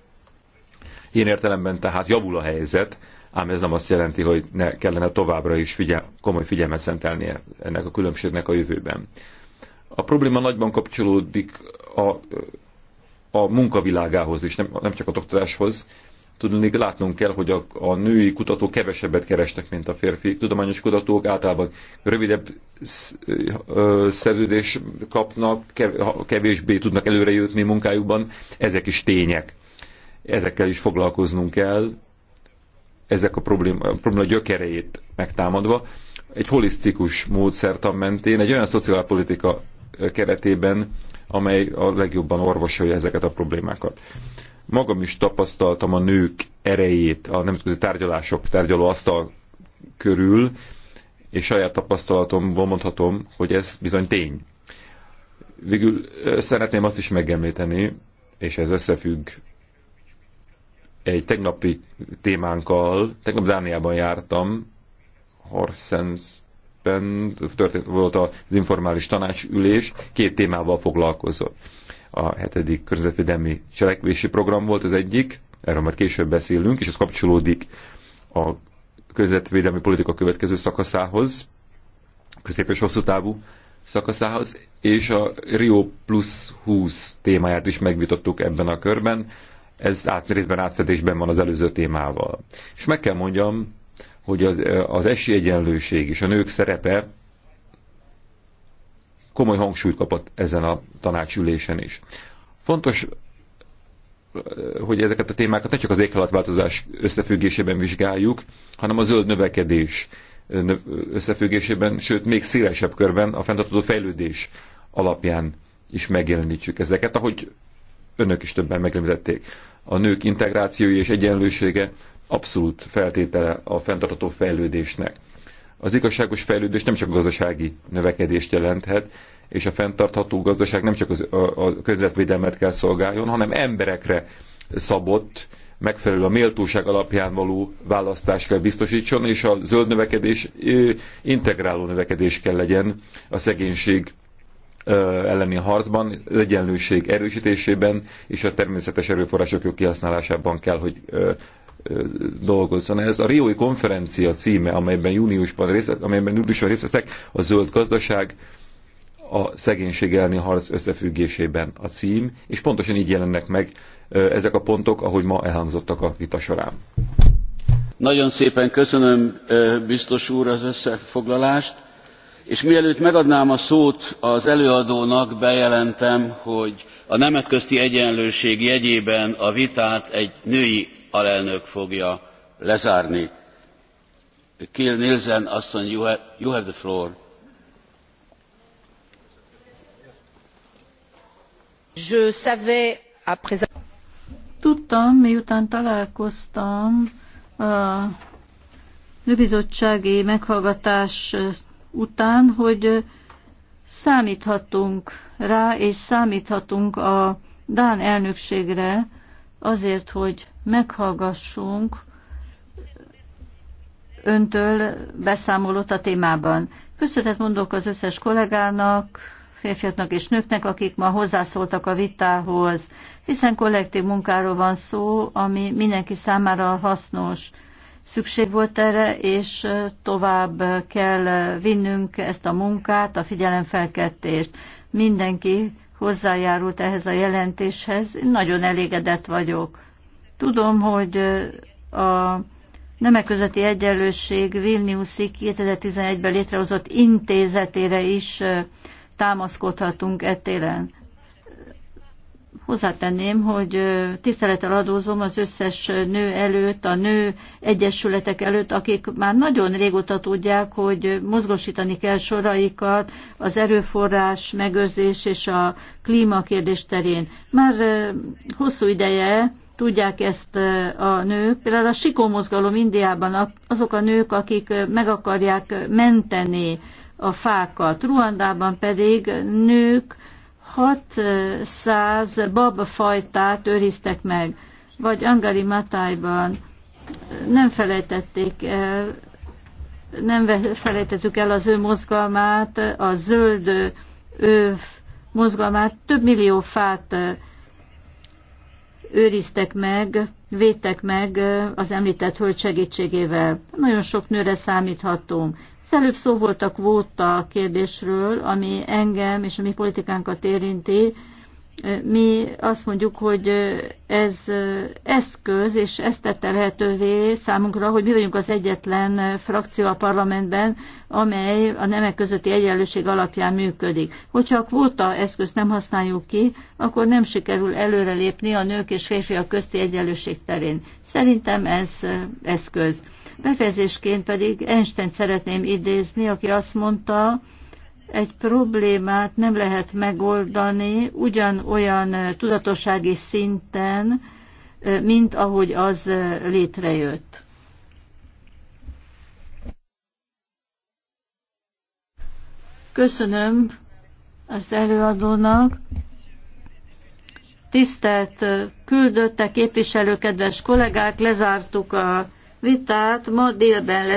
Én értelemben tehát javul a helyzet, ám ez nem azt jelenti, hogy ne kellene továbbra is figyel, komoly figyelmet szentelnie ennek a különbségnek a jövőben. A probléma nagyban kapcsolódik a a munkavilágához is, nem, nem csak a doktoráshoz. tudni látnunk kell, hogy a, a női kutatók kevesebbet kerestek, mint a férfi tudományos kutatók. Általában rövidebb szerződés kapnak, kevésbé tudnak előrejutni munkájukban. Ezek is tények. Ezekkel is foglalkoznunk kell, ezek a probléma, a probléma gyökereit megtámadva. Egy holisztikus módszertan mentén egy olyan szociálpolitika keretében, amely a legjobban orvosolja ezeket a problémákat. Magam is tapasztaltam a nők erejét a nemzetközi tárgyalások tárgyalóasztal körül, és saját tapasztalatomból mondhatom, hogy ez bizony tény. Végül szeretném azt is megemlíteni, és ez összefügg egy tegnapi témánkkal, tegnap Dániában jártam, Horsens héten történt volt az informális tanácsülés, két témával foglalkozott. A hetedik környezetvédelmi cselekvési program volt az egyik, erről majd később beszélünk, és ez kapcsolódik a környezetvédelmi politika következő szakaszához, közép és hosszú távú szakaszához, és a Rio Plus 20 témáját is megvitattuk ebben a körben. Ez át, részben átfedésben van az előző témával. És meg kell mondjam, hogy az, az esélyegyenlőség és a nők szerepe komoly hangsúlyt kapott ezen a tanácsülésen is. Fontos, hogy ezeket a témákat ne csak az éghajlatváltozás összefüggésében vizsgáljuk, hanem a zöld növekedés összefüggésében, sőt még szélesebb körben a fenntartható fejlődés alapján is megjelenítsük ezeket, ahogy önök is többen megemlítették. A nők integrációja és egyenlősége abszolút feltétele a fenntartható fejlődésnek. Az igazságos fejlődés nem csak gazdasági növekedést jelenthet, és a fenntartható gazdaság nem csak a, a közvetvédelmet kell szolgáljon, hanem emberekre szabott, megfelelő a méltóság alapján való választást kell biztosítson, és a zöld növekedés integráló növekedés kell legyen a szegénység elleni harcban, az egyenlőség erősítésében és a természetes erőforrások jó kihasználásában kell, hogy dolgozzon. Ez a Riói konferencia címe, amelyben júniusban részt, amelyben júniusban részt veszek, a zöld gazdaság a szegénység elleni harc összefüggésében a cím, és pontosan így jelennek meg ezek a pontok, ahogy ma elhangzottak a vita során. Nagyon szépen köszönöm, biztos úr, az összefoglalást, és mielőtt megadnám a szót az előadónak, bejelentem, hogy a nemetközti egyenlőség jegyében a vitát egy női alelnök fogja lezárni. Kill Nielsen asszony, you have, you have the floor. Je savais après... Tudtam, miután találkoztam a nőbizottsági meghallgatás után, hogy számíthatunk rá, és számíthatunk a Dán elnökségre azért, hogy meghallgassunk öntől beszámolót a témában. Köszönetet mondok az összes kollégának, férfiaknak és nőknek, akik ma hozzászóltak a vitához, hiszen kollektív munkáról van szó, ami mindenki számára hasznos. Szükség volt erre, és tovább kell vinnünk ezt a munkát, a figyelemfelkettést. Mindenki hozzájárult ehhez a jelentéshez, Én nagyon elégedett vagyok. Tudom, hogy a nemek közötti egyenlőség Vilniuszi 2011-ben létrehozott intézetére is támaszkodhatunk ettéren. Hozzátenném, hogy tisztelettel adózom az összes nő előtt, a nő egyesületek előtt, akik már nagyon régóta tudják, hogy mozgosítani kell soraikat az erőforrás megőrzés és a klímakérdés terén. Már hosszú ideje tudják ezt a nők. Például a Sikó mozgalom Indiában azok a nők, akik meg akarják menteni a fákat. Ruandában pedig nők 600 babafajtát őriztek meg, vagy Angari Matájban nem felejtették el, nem felejtettük el az ő mozgalmát, a zöld ő mozgalmát, több millió fát őriztek meg, védtek meg az említett hölgy segítségével. Nagyon sok nőre számíthatunk. Az előbb szó volt a kvóta kérdésről, ami engem és a mi politikánkat érinti, mi azt mondjuk, hogy ez eszköz, és ezt tette lehetővé számunkra, hogy mi vagyunk az egyetlen frakció a parlamentben, amely a nemek közötti egyenlőség alapján működik. Hogyha a kvóta eszközt nem használjuk ki, akkor nem sikerül előrelépni a nők és férfiak közti egyenlőség terén. Szerintem ez eszköz. Befejezésként pedig Einstein szeretném idézni, aki azt mondta, egy problémát nem lehet megoldani ugyanolyan tudatossági szinten, mint ahogy az létrejött. Köszönöm az előadónak. Tisztelt küldöttek, képviselő, kedves kollégák, lezártuk a vitát. Ma délben lesz.